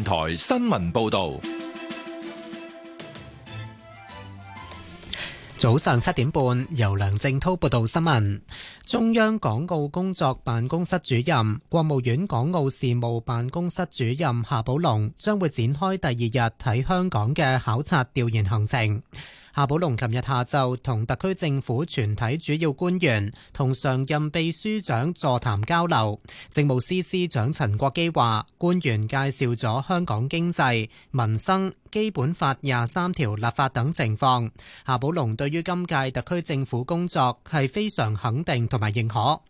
台新聞報導，早上七點半，由梁正滔報道新聞。中央港澳工作辦公室主任、國務院港澳事務辦公室主任夏寶龍將會展開第二日喺香港嘅考察調研行程。夏寶龍琴日下晝同特區政府全體主要官員同常任秘書長座談交流，政務司司長陳國基話，官員介紹咗香港經濟、民生、基本法廿三條立法等情況。夏寶龍對於今屆特區政府工作係非常肯定同埋認可。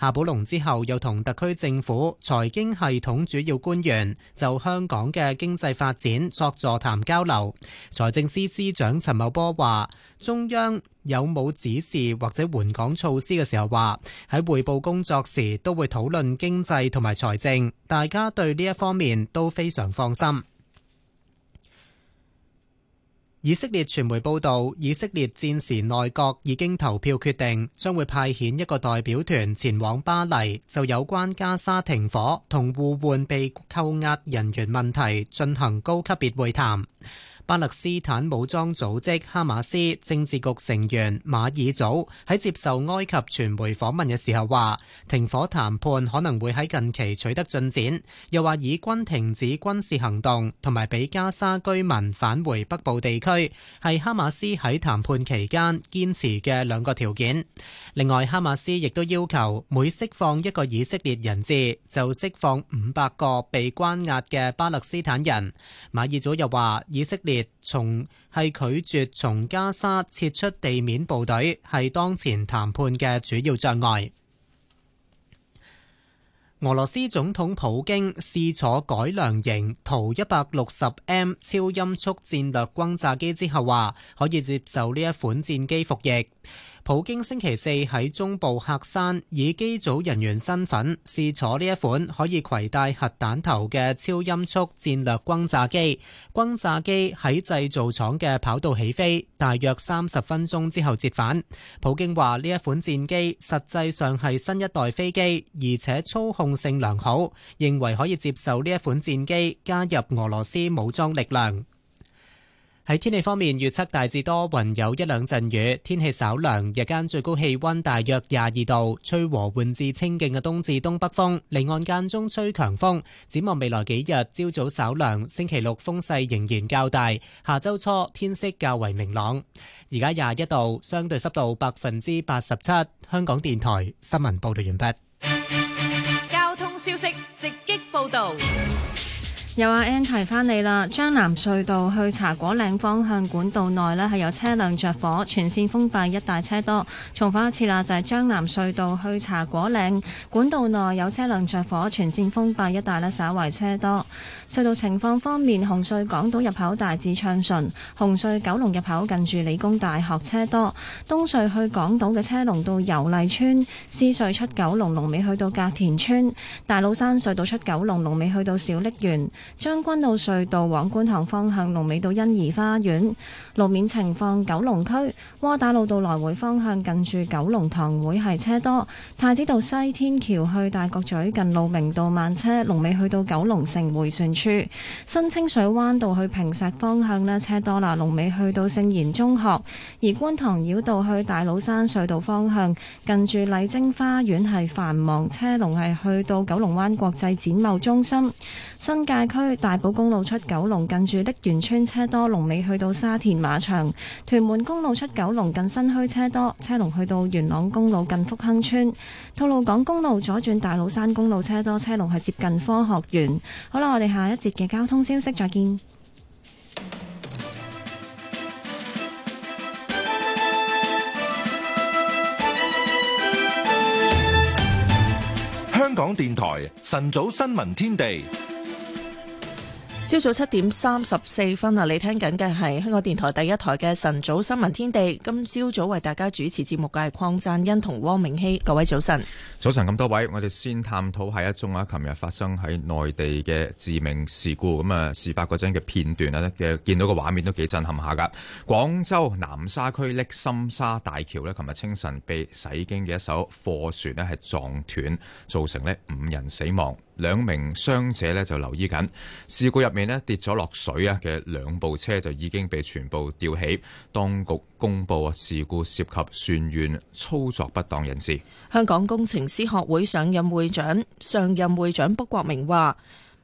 夏寶龍之後又同特區政府財經系統主要官員就香港嘅經濟發展作座談交流。財政司司長陳茂波話，中央有冇指示或者援港措施嘅時候話，喺匯報工作時都會討論經濟同埋財政，大家對呢一方面都非常放心。以色列傳媒報導，以色列戰時內閣已經投票決定，將會派遣一個代表團前往巴黎，就有關加沙停火同互換被扣押人員問題進行高級別會談。巴勒斯坦武裝組織哈馬斯政治局成員馬爾祖喺接受埃及傳媒訪問嘅時候話，停火談判可能會喺近期取得進展。又話以軍停止軍事行動同埋俾加沙居民返回北部地區，係哈馬斯喺談判期間堅持嘅兩個條件。另外，哈馬斯亦都要求每釋放一個以色列人質就釋放五百個被關押嘅巴勒斯坦人。馬爾祖又話，以色列從係拒絕從加沙撤出地面部隊，係當前談判嘅主要障礙。俄羅斯總統普京試坐改良型圖一百六十 M 超音速戰略轟炸機之後話，可以接受呢一款戰機服役。普京星期四喺中部喀山以機組人員身份試坐呢一款可以攜帶核彈頭嘅超音速戰略轟炸機。轟炸機喺製造廠嘅跑道起飛，大約三十分鐘之後折返。普京話呢一款戰機實際上係新一代飛機，而且操控性良好，認為可以接受呢一款戰機加入俄羅斯武裝力量。喺天氣方面，預測大致多雲，有一兩陣雨，天氣稍涼，日間最高氣溫大約廿二度，吹和緩至清勁嘅東至東北風，離岸間中吹強風。展望未來幾日，朝早稍涼，星期六風勢仍然較大。下周初天色較為明朗。而家廿一度，相對濕度百分之八十七。香港電台新聞報道完畢。交通消息直擊報道。又阿 N 提翻你啦，江南隧道去茶果嶺方向管道內咧係有車輛着火，全線封閉，一帶車多。重複一次啦，就係江南隧道去茶果嶺管道內有車輛着火，全線封閉，一帶咧稍為車多。隧道情況方面，紅隧港島入口大致暢順，紅隧九龍入口近住理工大學車多。東隧去港島嘅車龍到油麗村，獅隧出九龍龍尾去到隔田村，大老山隧道出九龍龍尾去到小瀝源。將軍澳隧道往觀塘方向，龍尾到欣怡花園路面情況；九龍區窩打老道來回方向，近住九龍塘會係車多；太子道西天橋去大角咀近路明道慢車，龍尾去到九龍城迴旋處；新清水灣道去坪石方向咧車多啦，龍尾去到聖賢中學；而觀塘繞道去大老山隧道方向，近住麗晶花園係繁忙車龍係去到九龍灣國際展貿中心新界。區大埔公路出九龍近住的元村車多，龍尾去到沙田馬場；屯門公路出九龍近新墟車多，車龍去到元朗公路近福亨村；吐露港公路左轉大老山公路車多，車龍係接近科學園。好啦，我哋下一節嘅交通消息再見。香港電台晨早新聞天地。朝早七點三十四分啊！你聽緊嘅係香港電台第一台嘅晨早新聞天地。今朝早為大家主持節目嘅係鄺贊欣同汪明熙。各位早晨，早晨咁多位，我哋先探討下一宗啊，琴日發生喺內地嘅致命事故。咁啊，事發嗰陣嘅片段啊，嘅見到個畫面都幾震撼下噶。廣州南沙區瀝心沙大橋呢，琴日清晨被駛經嘅一艘貨船呢，係撞斷，造成呢五人死亡。兩名傷者咧就留醫緊，事故入面咧跌咗落水啊嘅兩部車就已經被全部吊起，當局公布事故涉及船員操作不當人士。香港工程師學會上任會長上任會長卜國明話：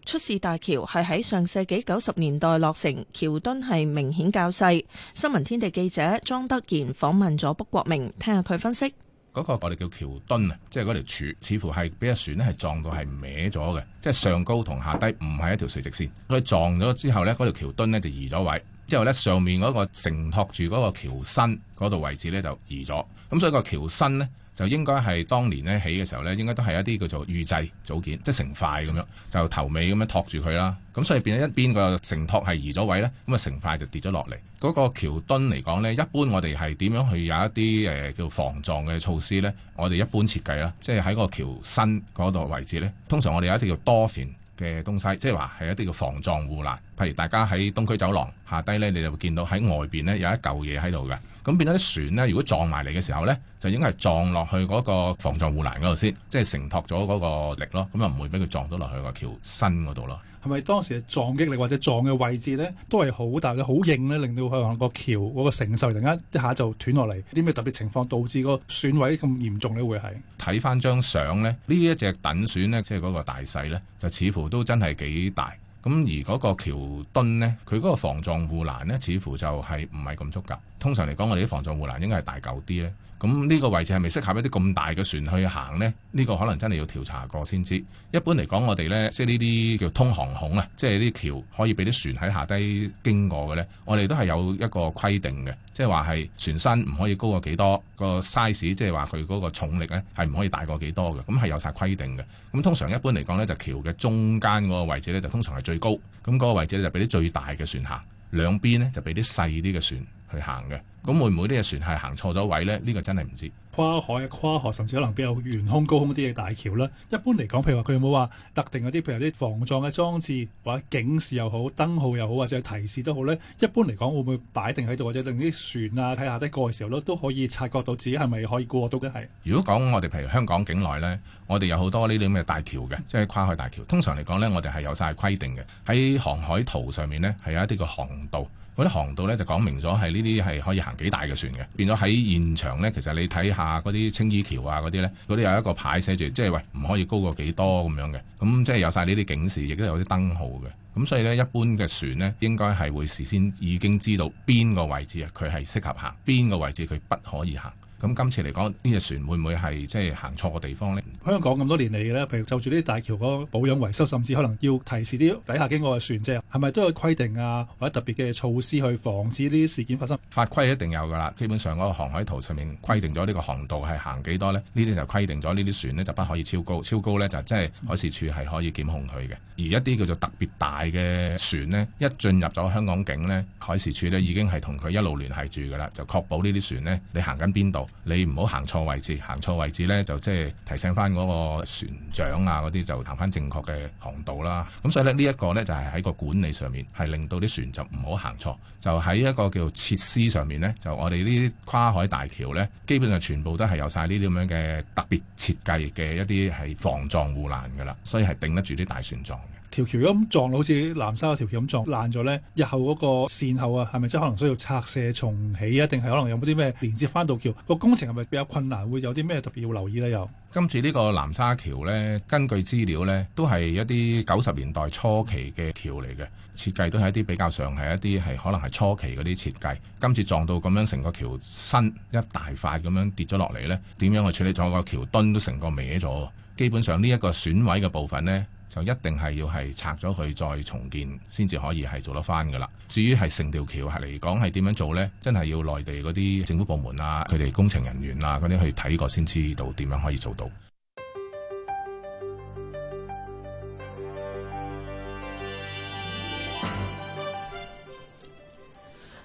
出事大橋係喺上世紀九十年代落成，橋墩係明顯較細。新聞天地記者莊德賢訪問咗卜國明，聽下佢分析。嗰個我哋叫橋墩啊，即係嗰條柱，似乎係俾一船咧係撞到係歪咗嘅，即係上高同下低唔係一條垂直線。佢撞咗之後咧，嗰條橋墩咧就移咗位，之後咧上面嗰個承托住嗰個橋身嗰度位置咧就移咗，咁所以個橋身咧。就應該係當年咧起嘅時候咧，應該都係一啲叫做預製組件，即係成塊咁樣就頭尾咁樣托住佢啦。咁所以變咗一邊個承托係移咗位咧，咁啊成塊就跌咗落嚟。嗰個橋墩嚟講咧，一般我哋係點樣去有一啲誒叫防撞嘅措施咧？我哋一般設計啦，即係喺個橋身嗰度位置咧，通常我哋有一啲叫多旋嘅東西，即係話係一啲叫防撞護欄。係大家喺東區走廊下低咧，你就會見到喺外邊咧有一嚿嘢喺度嘅。咁變咗啲船咧，如果撞埋嚟嘅時候咧，就應該係撞落去嗰個防撞護欄嗰度先，即係承托咗嗰個力咯。咁啊，唔會俾佢撞到落去個橋身嗰度咯。係咪當時撞擊力或者撞嘅位置咧，都係好大嘅，好硬咧，令到佢個橋嗰個承受突然間一下就斷落嚟？啲咩特別情況導致個損毀咁嚴重咧？會係睇翻張相咧，呢一隻躉船咧，即係嗰個大細咧，就似乎都真係幾大。咁而嗰個橋墩呢，佢嗰個防撞護欄呢，似乎就係唔係咁足㗎。通常嚟講，我哋啲防撞護欄應該係大嚿啲呢。咁呢個位置係咪適合一啲咁大嘅船去行呢？呢個可能真係要調查過先知。一般嚟講，我哋呢，即係呢啲叫通航孔啊，即係啲橋可以俾啲船喺下低經過嘅呢，我哋都係有一個規定嘅，即係話係船身唔可以高過幾多個 size，即係話佢嗰個重力呢係唔可以大過幾多嘅。咁係有晒規定嘅。咁通常一般嚟講呢，就橋嘅中間嗰個位置呢，就通常係最高。咁嗰個位置呢，就俾啲最大嘅船行，兩邊呢，就俾啲細啲嘅船去行嘅，咁會唔會呢隻船係行錯咗位呢？呢、呢個真係唔知跨、啊。跨海、跨河，甚至可能比較遠空高空啲嘅大橋啦。一般嚟講，譬如話佢有冇話特定嗰啲，譬如啲防撞嘅裝置，或者警示又好、燈號又好，或者提示都好呢，一般嚟講，會唔會擺定喺度，或者令啲船啊睇下低過嘅時候咯，都可以察覺到自己係咪可以過到嘅係。如果講我哋譬如香港境內呢，我哋有好多呢啲咁嘅大橋嘅，嗯、即係跨海大橋。通常嚟講呢，我哋係有晒規定嘅，喺航海圖上面呢，係有一啲嘅航道。嗰啲航道呢就講明咗係呢啲係可以行幾大嘅船嘅，變咗喺現場呢，其實你睇下嗰啲青衣橋啊嗰啲呢，嗰啲有一個牌寫住，即係喂唔可以高過幾多咁樣嘅，咁即係有晒呢啲警示，亦都有啲燈號嘅，咁所以呢，一般嘅船呢，應該係會事先已經知道邊個位置啊佢係適合行，邊個位置佢不可以行。咁今次嚟講，呢隻船會唔會係即係行錯個地方呢？香港咁多年嚟嘅咧，譬如就住呢啲大橋嗰個保養維修，甚至可能要提示啲底下經過嘅船隻，係咪都有規定啊？或者特別嘅措施去防止呢啲事件發生？法規一定有噶啦，基本上嗰個航海圖上面規定咗呢個航道係行幾多呢，呢啲就規定咗呢啲船呢，就不可以超高，超高呢，就即係海事處係可以檢控佢嘅。而一啲叫做特別大嘅船呢，一進入咗香港境呢，海事處呢已經係同佢一路聯繫住噶啦，就確保呢啲船呢，你行緊邊度。你唔好行錯位置，行錯位置呢，就即係提醒翻嗰個船長啊，嗰啲就行翻正確嘅航道啦。咁所以呢呢一個呢就係喺個管理上面係令到啲船就唔好行錯。就喺一個叫做設施上面呢，就我哋呢啲跨海大橋呢，基本上全部都係有晒呢啲咁樣嘅特別設計嘅一啲係防撞護欄㗎喇，所以係頂得住啲大船撞。條橋咁撞咯，好似南沙嗰條橋咁，撞爛咗呢。日後嗰個善後啊，係咪真係可能需要拆卸重起啊？定係可能有冇啲咩連接翻到橋，個工程係咪比較困難？會有啲咩特別要留意呢？又今次呢個南沙橋呢，根據資料呢，都係一啲九十年代初期嘅橋嚟嘅，設計都係一啲比較上係一啲係可能係初期嗰啲設計。今次撞到咁樣成個橋身一大塊咁樣跌咗落嚟呢，點樣去處理？咗個橋墩都成個歪咗。基本上呢一個損毀嘅部分呢。就一定係要係拆咗佢再重建先至可以係做得返㗎喇。至於係成條橋係嚟講係點樣做呢？真係要內地嗰啲政府部門啊、佢哋工程人員啊嗰啲去睇過先知道點樣可以做到。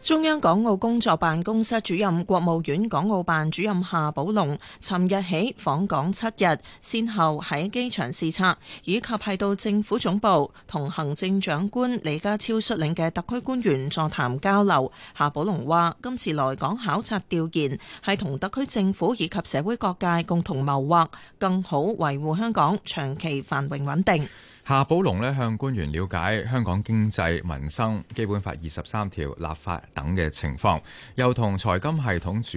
中央港澳工作辦公室主任、國務院港澳辦主任夏寶龍尋日起訪港七日，先後喺機場視察，以及派到政府總部同行政長官李家超率領嘅特區官員座談交流。夏寶龍話今次來港考察調研，係同特區政府以及社會各界共同謀劃更好維護香港長期繁榮穩定。夏寶龍呢向官員了解香港經濟、民生、基本法二十三條立法等嘅情況，又同財金系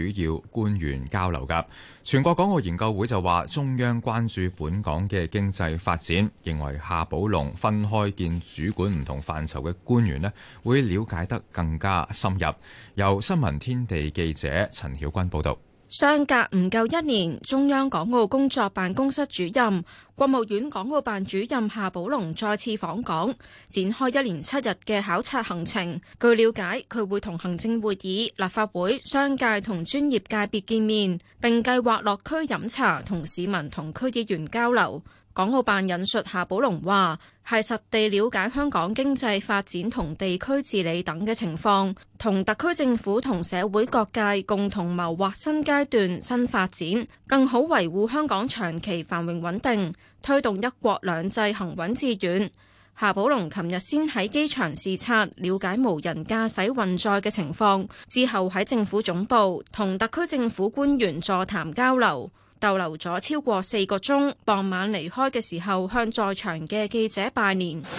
統主要官員交流。噶全國港澳研究會就話，中央關注本港嘅經濟發展，認為夏寶龍分開見主管唔同範疇嘅官員呢，會瞭解得更加深入。由新聞天地記者陳曉君報道。相隔唔夠一年，中央港澳工作辦公室主任、國務院港澳辦主任夏寶龍再次訪港，展開一連七日嘅考察行程。據了解，佢會同行政會議、立法會、商界同專業界別見面，並計劃落區飲茶，同市民同區議員交流。港澳辦引述夏寶龍話，係實地了解香港經濟發展同地區治理等嘅情況，同特區政府同社會各界共同謀劃新階段新發展，更好維護香港長期繁榮穩定，推動一國兩制行穩致遠。夏寶龍琴日先喺機場視察，了解無人駕駛運載嘅情況，之後喺政府總部同特區政府官員座談交流。逗留咗超過四個鐘，傍晚離開嘅時候向在場嘅記者拜年。 (music) (music) (music)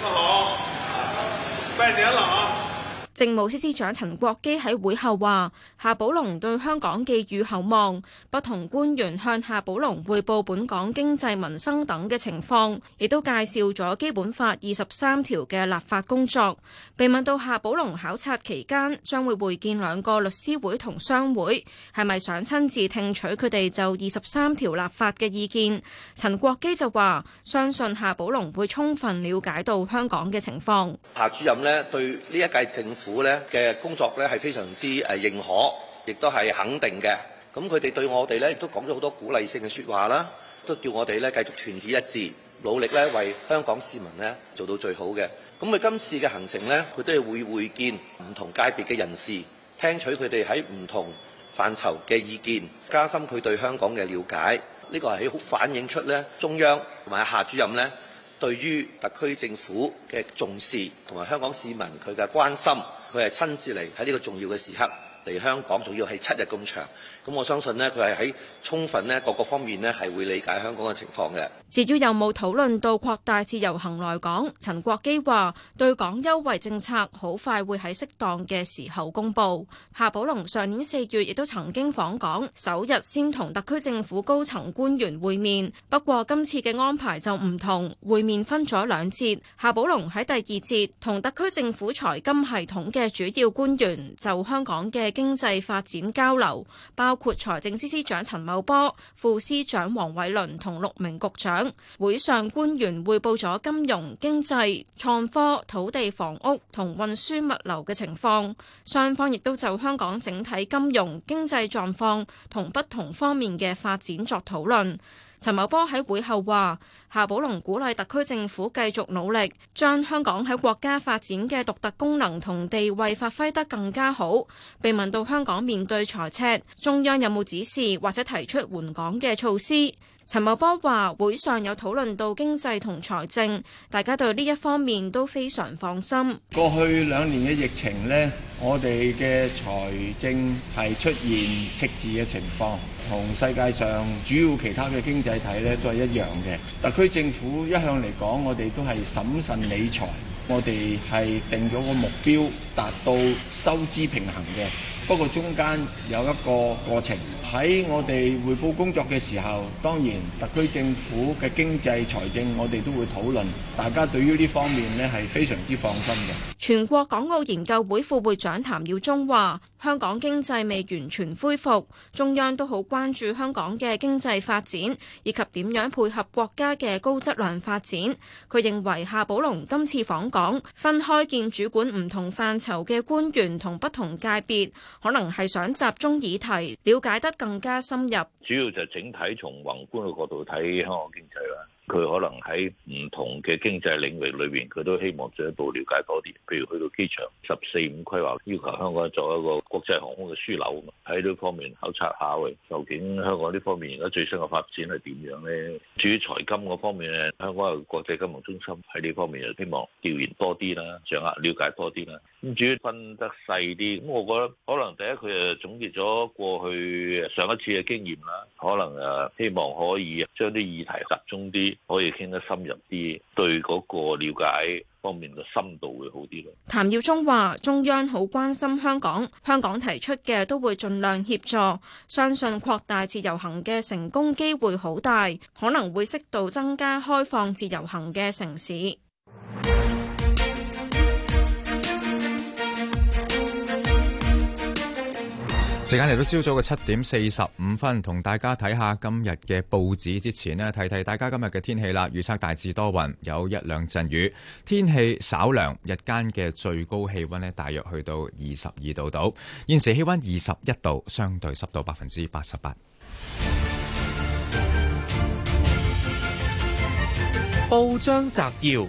政務司司長陳國基喺會後話：夏寶龍對香港寄予厚望，不同官員向夏寶龍匯報本港經濟、民生等嘅情況，亦都介紹咗《基本法》二十三條嘅立法工作。被問到夏寶龍考察期間將會會見兩個律師會同商會，係咪想親自聽取佢哋就二十三條立法嘅意見？陳國基就話：相信夏寶龍會充分了解到香港嘅情況。夏主任呢，對呢一屆政府呢嘅工作呢，係非常之誒認可，亦都係肯定嘅。咁佢哋對我哋呢，亦都講咗好多鼓勵性嘅說話啦，都叫我哋呢，繼續團結一致，努力呢，為香港市民呢，做到最好嘅。咁佢今次嘅行程呢，佢都係會會見唔同界別嘅人士，聽取佢哋喺唔同範疇嘅意見，加深佢對香港嘅了解。呢個係好反映出呢，中央同埋夏主任呢，對於特區政府嘅重視，同埋香港市民佢嘅關心。佢係親自嚟，喺呢個重要嘅時刻嚟香港，仲要係七日咁長。咁我相信呢，佢係喺充分呢各個方面呢，係會理解香港嘅情況嘅。至於有冇討論到擴大自由行來港，陳國基話對港優惠政策好快會喺適當嘅時候公佈。夏寶龍上年四月亦都曾經訪港，首日先同特區政府高層官員會面。不過今次嘅安排就唔同，會面分咗兩節。夏寶龍喺第二節同特區政府財金系統嘅主要官員就香港嘅經濟發展交流。包括財政司司長陳茂波、副司長黃偉綸同六名局長，會上官員匯報咗金融、經濟、創科、土地、房屋同運輸物流嘅情況，雙方亦都就香港整體金融經濟狀況同不同方面嘅發展作討論。陳茂波喺會後話：夏寶龍鼓勵特區政府繼續努力，將香港喺國家發展嘅獨特功能同地位發揮得更加好。被問到香港面對財赤，中央有冇指示或者提出援港嘅措施？陳茂波話：會上有討論到經濟同財政，大家對呢一方面都非常放心。過去兩年嘅疫情呢，我哋嘅財政係出現赤字嘅情況，同世界上主要其他嘅經濟體呢都係一樣嘅。特區政府一向嚟講，我哋都係審慎理財，我哋係定咗個目標達到收支平衡嘅。不過中間有一個過程。喺我哋匯報工作嘅時候，當然特區政府嘅經濟財政，我哋都會討論，大家對於呢方面咧係非常之放心嘅。全國港澳研究會副會長譚耀宗話香港經濟未完全恢復，中央都好關注香港嘅經濟發展以及點樣配合國家嘅高質量發展。佢認為夏寶龍今次訪港，分開見主管唔同範疇嘅官員同不同界別可能係想集中議題了解得。更加深入，主要就整體從宏觀嘅角度睇香港經濟啦。佢可能喺唔同嘅經濟領域裏邊，佢都希望進一步了解多啲。譬如去到機場十四五規劃，要求香港做一個國際航空嘅樞紐，喺呢方面考察下嘅。究竟香港呢方面而家最新嘅發展係點樣咧？至於財金嗰方面咧，香港係國際金融中心，喺呢方面就希望調研多啲啦，掌握了解多啲啦。咁主要分得細啲，咁我覺得可能第一佢誒總結咗過去上一次嘅經驗啦，可能誒希望可以將啲議題集中啲，可以傾得深入啲，對嗰個瞭解方面嘅深度會好啲咯。譚耀宗話：中央好關心香港，香港提出嘅都會盡量協助，相信擴大自由行嘅成功機會好大，可能會適度增加開放自由行嘅城市。時間嚟到朝早嘅七點四十五分，同大家睇下今日嘅報紙之前呢，提提大家今日嘅天氣啦。預測大致多雲，有一兩陣雨，天氣稍涼，日間嘅最高氣温呢大約去到二十二度度。現時氣温二十一度，相對濕度百分之八十八。報章摘要。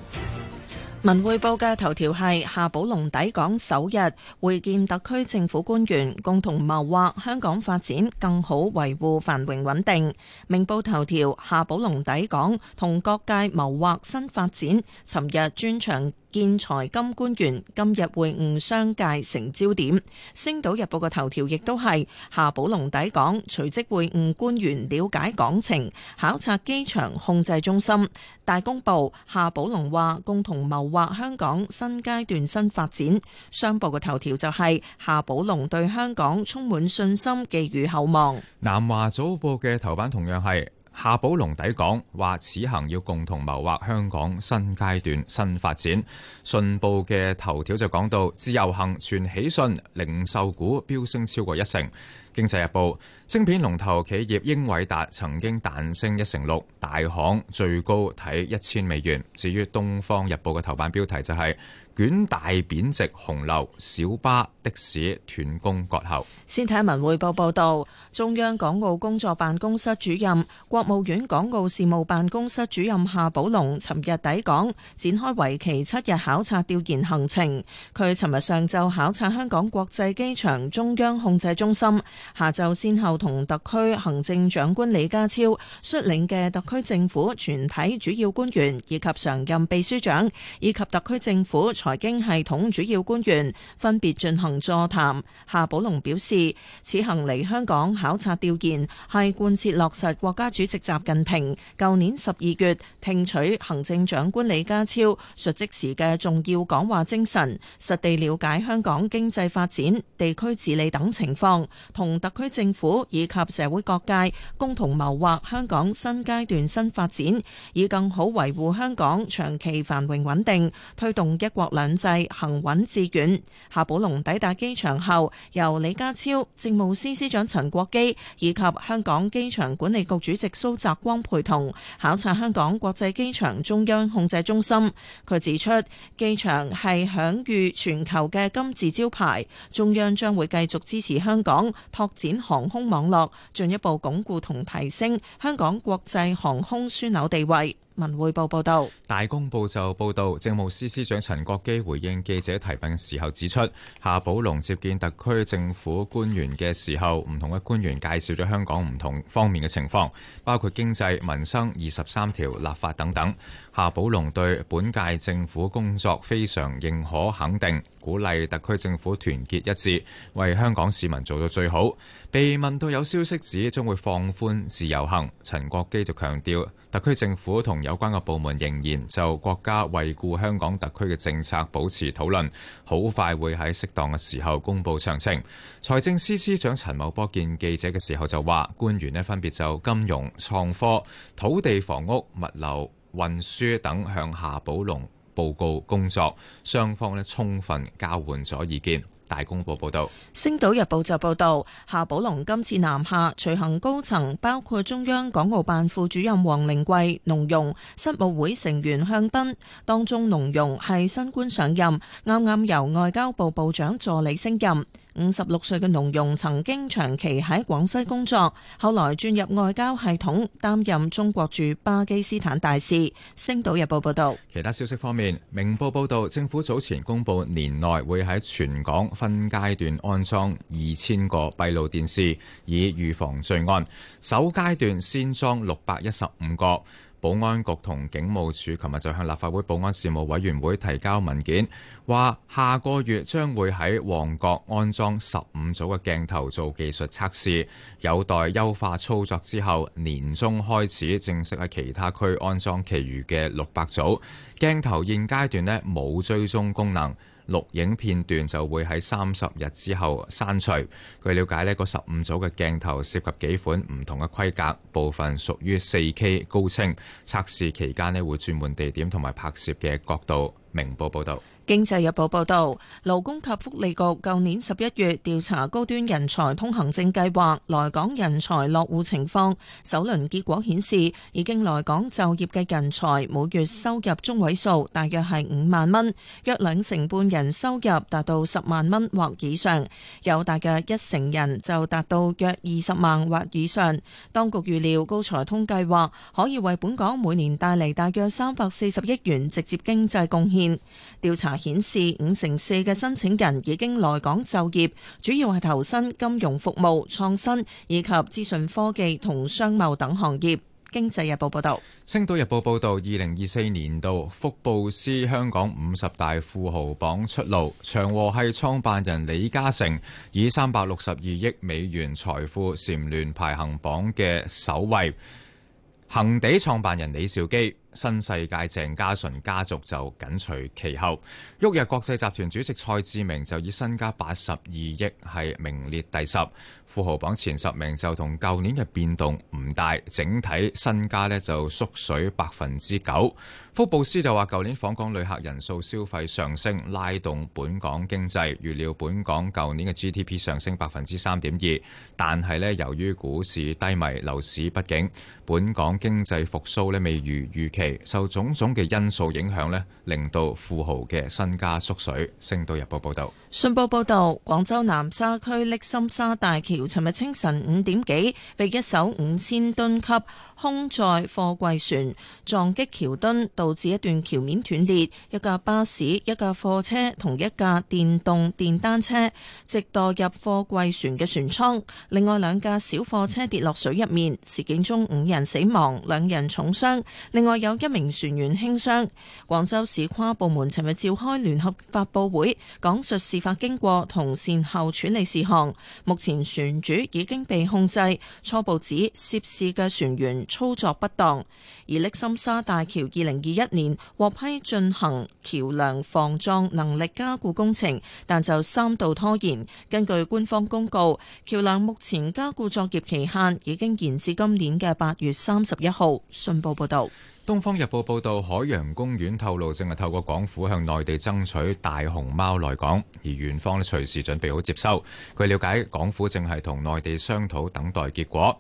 文匯報嘅頭條係夏寶龍抵港首日會見特區政府官員，共同謀劃香港發展更好，維護繁榮穩定。明報頭條：夏寶龍抵港同各界謀劃新發展。尋日專場。建財金官員今日會晤商界成焦點，《星島日報》嘅頭條亦都係夏寶龍抵港，隨即會晤官員了解港情、考察機場控制中心。《大公報》夏寶龍話共同謀劃香港新階段新發展。商報嘅頭條就係夏寶龍對香港充滿信心，寄予厚望。南華早報嘅頭版同樣係，夏寶龍抵講話，此行要共同謀劃香港新階段新發展。信報嘅頭條就講到，自由行傳喜訊，零售股飆升超過一成。經濟日報，晶片龍頭企業英偉達曾經彈升一成六，大行最高睇一千美元。至於《東方日報》嘅頭版標題就係、是：捲大貶值洪流，小巴的士斷供割喉」。先睇文匯報報道，中央港澳工作辦公室主任、國務院港澳事務辦公室主任夏寶龍尋日抵港，展開為期七日考察調研行程。佢尋日上晝考察香港國際機場中央控制中心，下晝先後同特區行政長官李家超率領嘅特區政府全體主要官員以及常任秘書長以及特區政府財經系統主要官員分別進行座談。夏寶龍表示。此行嚟香港考察調研，係貫徹落實國家主席習近平舊年十二月聽取行政長官李家超述職時嘅重要講話精神，實地了解香港經濟發展、地區治理等情況，同特區政府以及社會各界共同謀劃香港新階段新發展，以更好維護香港長期繁榮穩定，推動一國兩制行穩致遠。夏寶龍抵達機場後，由李家超政務司司長陳國基以及香港機場管理局主席蘇澤光陪同考察香港國際機場中央控制中心。佢指出，機場係享譽全球嘅金字招牌，中央將會繼續支持香港拓展航空網絡，進一步鞏固同提升香港國際航空樞紐地位。文匯報報道，大公報就報道，政務司司長陳國基回應記者提問時候指出，夏寶龍接見特區政府官員嘅時候，唔同嘅官員介紹咗香港唔同方面嘅情況，包括經濟、民生、二十三條立法等等。夏寶龍對本屆政府工作非常認可肯定，鼓勵特區政府團結一致，為香港市民做到最好。被問到有消息指將會放寬自由行，陳國基就強調，特區政府同有關嘅部門仍然就國家惠顧香港特區嘅政策保持討論，好快會喺適當嘅時候公布詳情。財政司司長陳茂波見記者嘅時候就話，官員呢分別就金融、創科、土地、房屋、物流。運輸等向夏寶龍報告工作，雙方咧充分交換咗意見。大公報報道，《星島日報》就報導夏寶龍今次南下，隨行高層包括中央港澳辦副主任王寧貴、農融、失務會成員向斌，當中農融係新官上任，啱啱由外交部部長助理升任。五十六歲嘅農榮曾經長期喺廣西工作，後來轉入外交系統，擔任中國駐巴基斯坦大使。星島日報報道。其他消息方面，明報報道政府早前公布年內會喺全港分階段安裝二千個閉路電視，以預防罪案。首階段先裝六百一十五個。保安局同警務處琴日就向立法會保安事務委員會提交文件，話下個月將會喺旺角安裝十五組嘅鏡頭做技術測試，有待優化操作之後，年中開始正式喺其他區安裝其餘嘅六百組鏡頭。現階段呢冇追蹤功能。錄影片段就會喺三十日之後刪除。據了解呢，個十五組嘅鏡頭涉及幾款唔同嘅規格，部分屬於四 K 高清。測試期間咧會轉換地點同埋拍攝嘅角度。明報報道。經濟日報報道，勞工及福利局舊年十一月調查高端人才通行證計劃來港人才落戶情況，首輪結果顯示，已經來港就業嘅人才每月收入中位數大約係五萬蚊，約兩成半人收入達到十萬蚊或以上，有大約一成人就達到約二十萬或以上。當局預料高才通計劃可以為本港每年帶嚟大約三百四十億元直接經濟貢獻。調查。顯示五成四嘅申請人已經來港就業，主要係投身金融服務、創新以及資訊科技同商貿等行業。經濟日報報道，星島日報報道，二零二四年度福布斯香港五十大富豪榜出爐，長和系創辦人李嘉誠以三百六十二億美元財富蟬聯排行榜嘅首位，恒地創辦人李兆基、新世界鄭家純家族就緊隨其後，旭日國際集團主席蔡志明就以身家八十二億係名列第十。富豪榜前十名就同舊年嘅變動唔大，整體身家呢就縮水百分之九。福布斯就話，舊年訪港旅客人數消費上升，拉動本港經濟，預料本港舊年嘅 GDP 上升百分之三點二。但係呢，由於股市低迷、樓市不景，本港經濟復甦呢未如預期，受種種嘅因素影響呢令到富豪嘅身家縮水。星島日報報道：「信報報道，廣州南沙區瀝心沙大橋，尋日清晨五點幾，被一艘五千噸級空載貨櫃船撞擊橋墩，導致一段橋面斷裂。一架巴士、一架貨車同一架電動電單車直墮入貨櫃船嘅船艙。另外兩架小貨車跌落水入面。事件中五人死亡，兩人重傷，另外有一名船員輕傷。廣州市跨部門尋日召開聯合發布會，講述事發經過同善後處理事項。目前船。船主已經被控制，初步指涉事嘅船員操作不當。而瀝心沙大橋二零二一年獲批進行橋梁防撞能力加固工程，但就三度拖延。根據官方公告，橋梁目前加固作業期限已經延至今年嘅八月三十一號。信報報道。《東方日報》報道，海洋公園透露正係透過港府向內地爭取大熊貓來港，而園方呢隨時準備好接收。據了解，港府正係同內地商討，等待結果。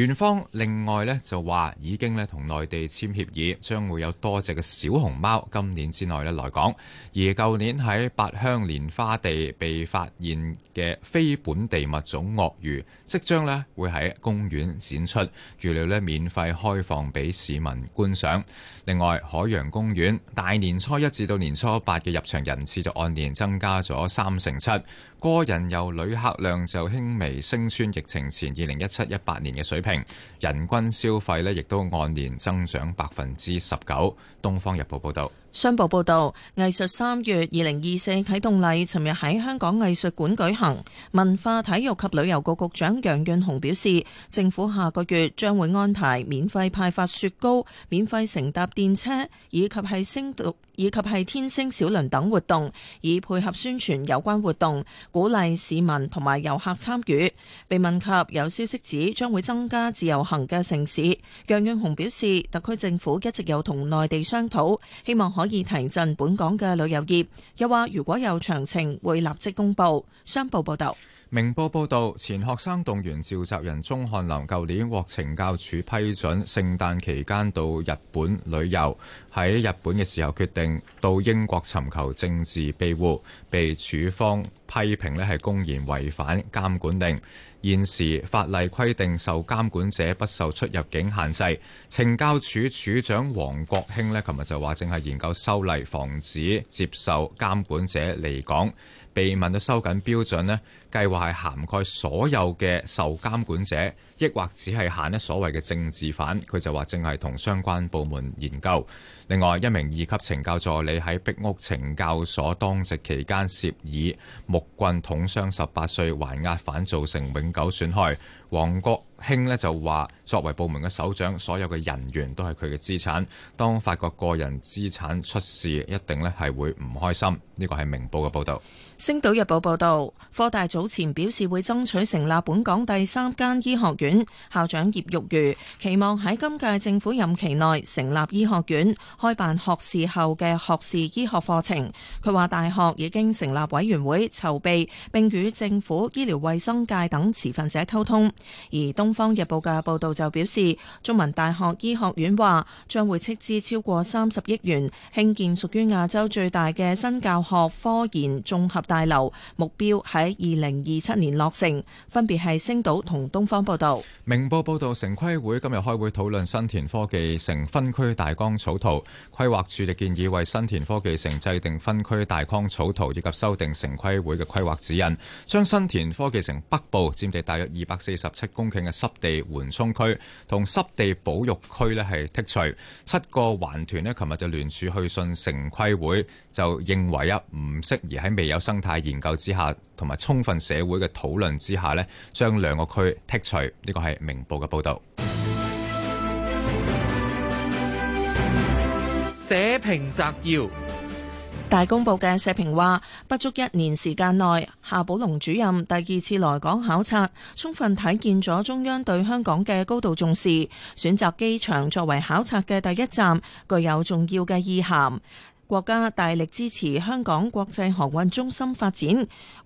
園方另外咧就話已經咧同內地簽協議，將會有多隻嘅小熊貓今年之內咧來港。而舊年喺八鄉蓮花地被發現嘅非本地物種鱷魚，即將咧會喺公園展出，預料咧免費開放俾市民觀賞。另外，海洋公園大年初一至到年初八嘅入場人次就按年增加咗三成七，個人遊旅客量就輕微升穿疫情前二零一七、一八年嘅水平，人均消費呢亦都按年增長百分之十九。東方日報報道。商報報道，藝術三月二零二四啟動禮尋日喺香港藝術館舉行。文化體育及旅遊局局長楊潤雄表示，政府下個月將會安排免費派發雪糕、免費乘搭電車以及係升讀。以及係天星小輪等活動，以配合宣傳有關活動，鼓勵市民同埋遊客參與。被問及有消息指將會增加自由行嘅城市，楊潤雄表示，特區政府一直有同內地商討，希望可以提振本港嘅旅遊業。又話如果有詳情會立即公佈。商報報道。明報報導，前學生動員召集人鍾翰林舊年獲懲教署批准聖誕期間到日本旅遊，喺日本嘅時候決定到英國尋求政治庇護，被署方批評呢係公然違反監管令。現時法例規定受監管者不受出入境限制，懲教署署長黃國興呢，琴日就話正係研究修例防止接受監管者離港。被問到收緊標準咧，計劃係涵蓋所有嘅受監管者，抑或只係限咧所謂嘅政治犯？佢就話正係同相關部門研究。另外，一名二級懲教助理喺壁屋懲教所當值期間，涉以木棍捅傷十八歲還押犯，造成永久損害。黃國興呢就話，作為部門嘅首長，所有嘅人員都係佢嘅資產。當發覺個人資產出事，一定咧係會唔開心。呢個係明報嘅報導。《星島日報》報道，科大早前表示會爭取成立本港第三間醫學院，校長葉玉如期望喺今屆政府任期內成立醫學院，開辦學士後嘅學士醫學課程。佢話大學已經成立委員會籌備，並與政府、醫療衛生界等持份者溝通。而《東方日報》嘅報道就表示，中文大學醫學院話將會斥資超過三十億元興建屬於亞洲最大嘅新教學科研綜合大樓目標喺二零二七年落成，分別係星島同東方報道。明報報道，城規會今日開會討論新田科技城分區大綱草圖，規劃處亦建議為新田科技城制定分區大綱草圖以及修訂城規會嘅規劃指引，將新田科技城北部佔地大約二百四十七公頃嘅濕地緩衝區同濕地保育區呢係剔除。七個環團呢，琴日就聯署去信城規會，就認為啊唔適宜喺未有新。態研究之下，同埋充分社會嘅討論之下咧，將兩個區剔除。呢個係明報嘅報道。社評摘要：大公報嘅社評話，不足一年時間內，夏寶龍主任第二次來港考察，充分體現咗中央對香港嘅高度重視。選擇機場作為考察嘅第一站，具有重要嘅意涵。國家大力支持香港國際航運中心發展。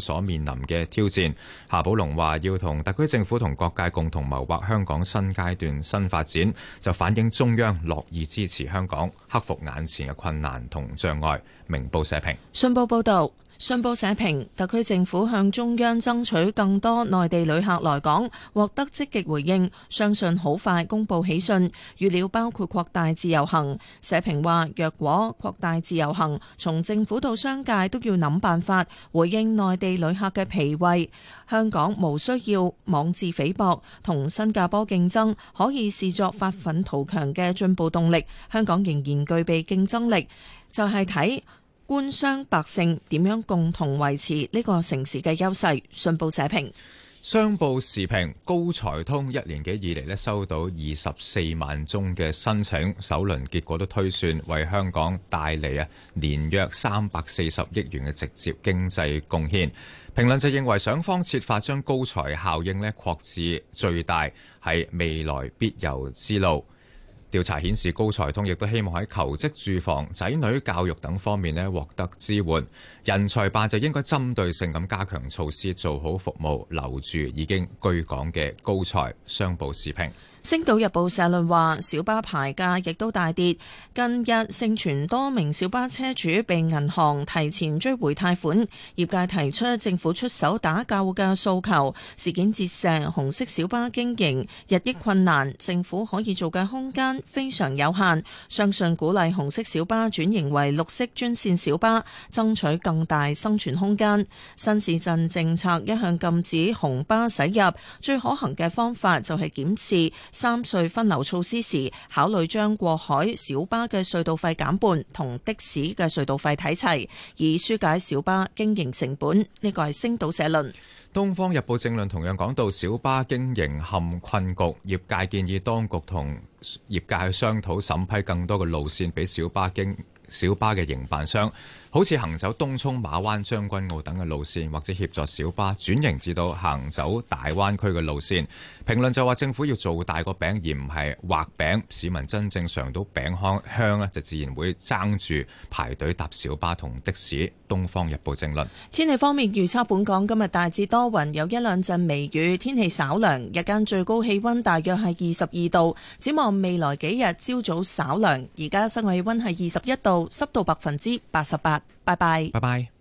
所面臨嘅挑戰，夏寶龍話要同特區政府同各界共同謀劃香港新階段新發展，就反映中央樂意支持香港克服眼前嘅困難同障礙，明報社評。信報報道。信報社評，特區政府向中央爭取更多內地旅客來港，獲得積極回應，相信好快公布喜訊，預料包括擴大自由行。社評話：若果擴大自由行，從政府到商界都要諗辦法回應內地旅客嘅脾胃。香港無需要妄自菲薄，同新加坡競爭可以視作發奮圖強嘅進步動力。香港仍然具備競爭力，就係、是、睇。官商百姓點樣共同維持呢個城市嘅優勢？信報社評。商報時評，高才通一年幾以嚟咧，收到二十四萬宗嘅申請，首輪結果都推算為香港帶嚟啊年約三百四十億元嘅直接經濟貢獻。評論就認為想方設法將高才效應咧擴至最大係未來必由之路。調查顯示，高才通亦都希望喺求職、住房、仔女教育等方面呢獲得支援。人才辦就應該針對性咁加強措施，做好服務，留住已經居港嘅高才。商報視頻。星島日報社論話，小巴牌價亦都大跌。近日，盛傳多名小巴車主被銀行提前追回貸款，業界提出政府出手打救嘅訴求。事件折射紅色小巴經營日益困難，政府可以做嘅空間非常有限。相信鼓勵紅色小巴轉型為綠色專線小巴，爭取更大生存空間。新市鎮政策一向禁止紅巴駛入，最可行嘅方法就係檢視三隧分流措施時，考慮將過海小巴嘅隧道費減半，同的士嘅隧道費睇齊，以疏解小巴經營成本。呢個係星島社論，《東方日報》政論同樣講到小巴經營陷困局，業界建議當局同業界商討審批，更多嘅路線俾小巴經小巴嘅營辦商。好似行走東涌馬灣將軍澳等嘅路線，或者協助小巴轉型至到行走，走大灣區嘅路線。評論就話政府要做大個餅，而唔係畫餅。市民真正嘗到餅香香咧，就自然會爭住排隊搭小巴同的士。《東方日報正論》政論。天氣方面預測，預測本港今日大致多雲，有一兩陣微雨，天氣稍涼，日間最高氣溫大約係二十二度。展望未來幾日，朝早稍涼，而家室外氣溫係二十一度，濕度百分之八十八。拜拜，拜拜。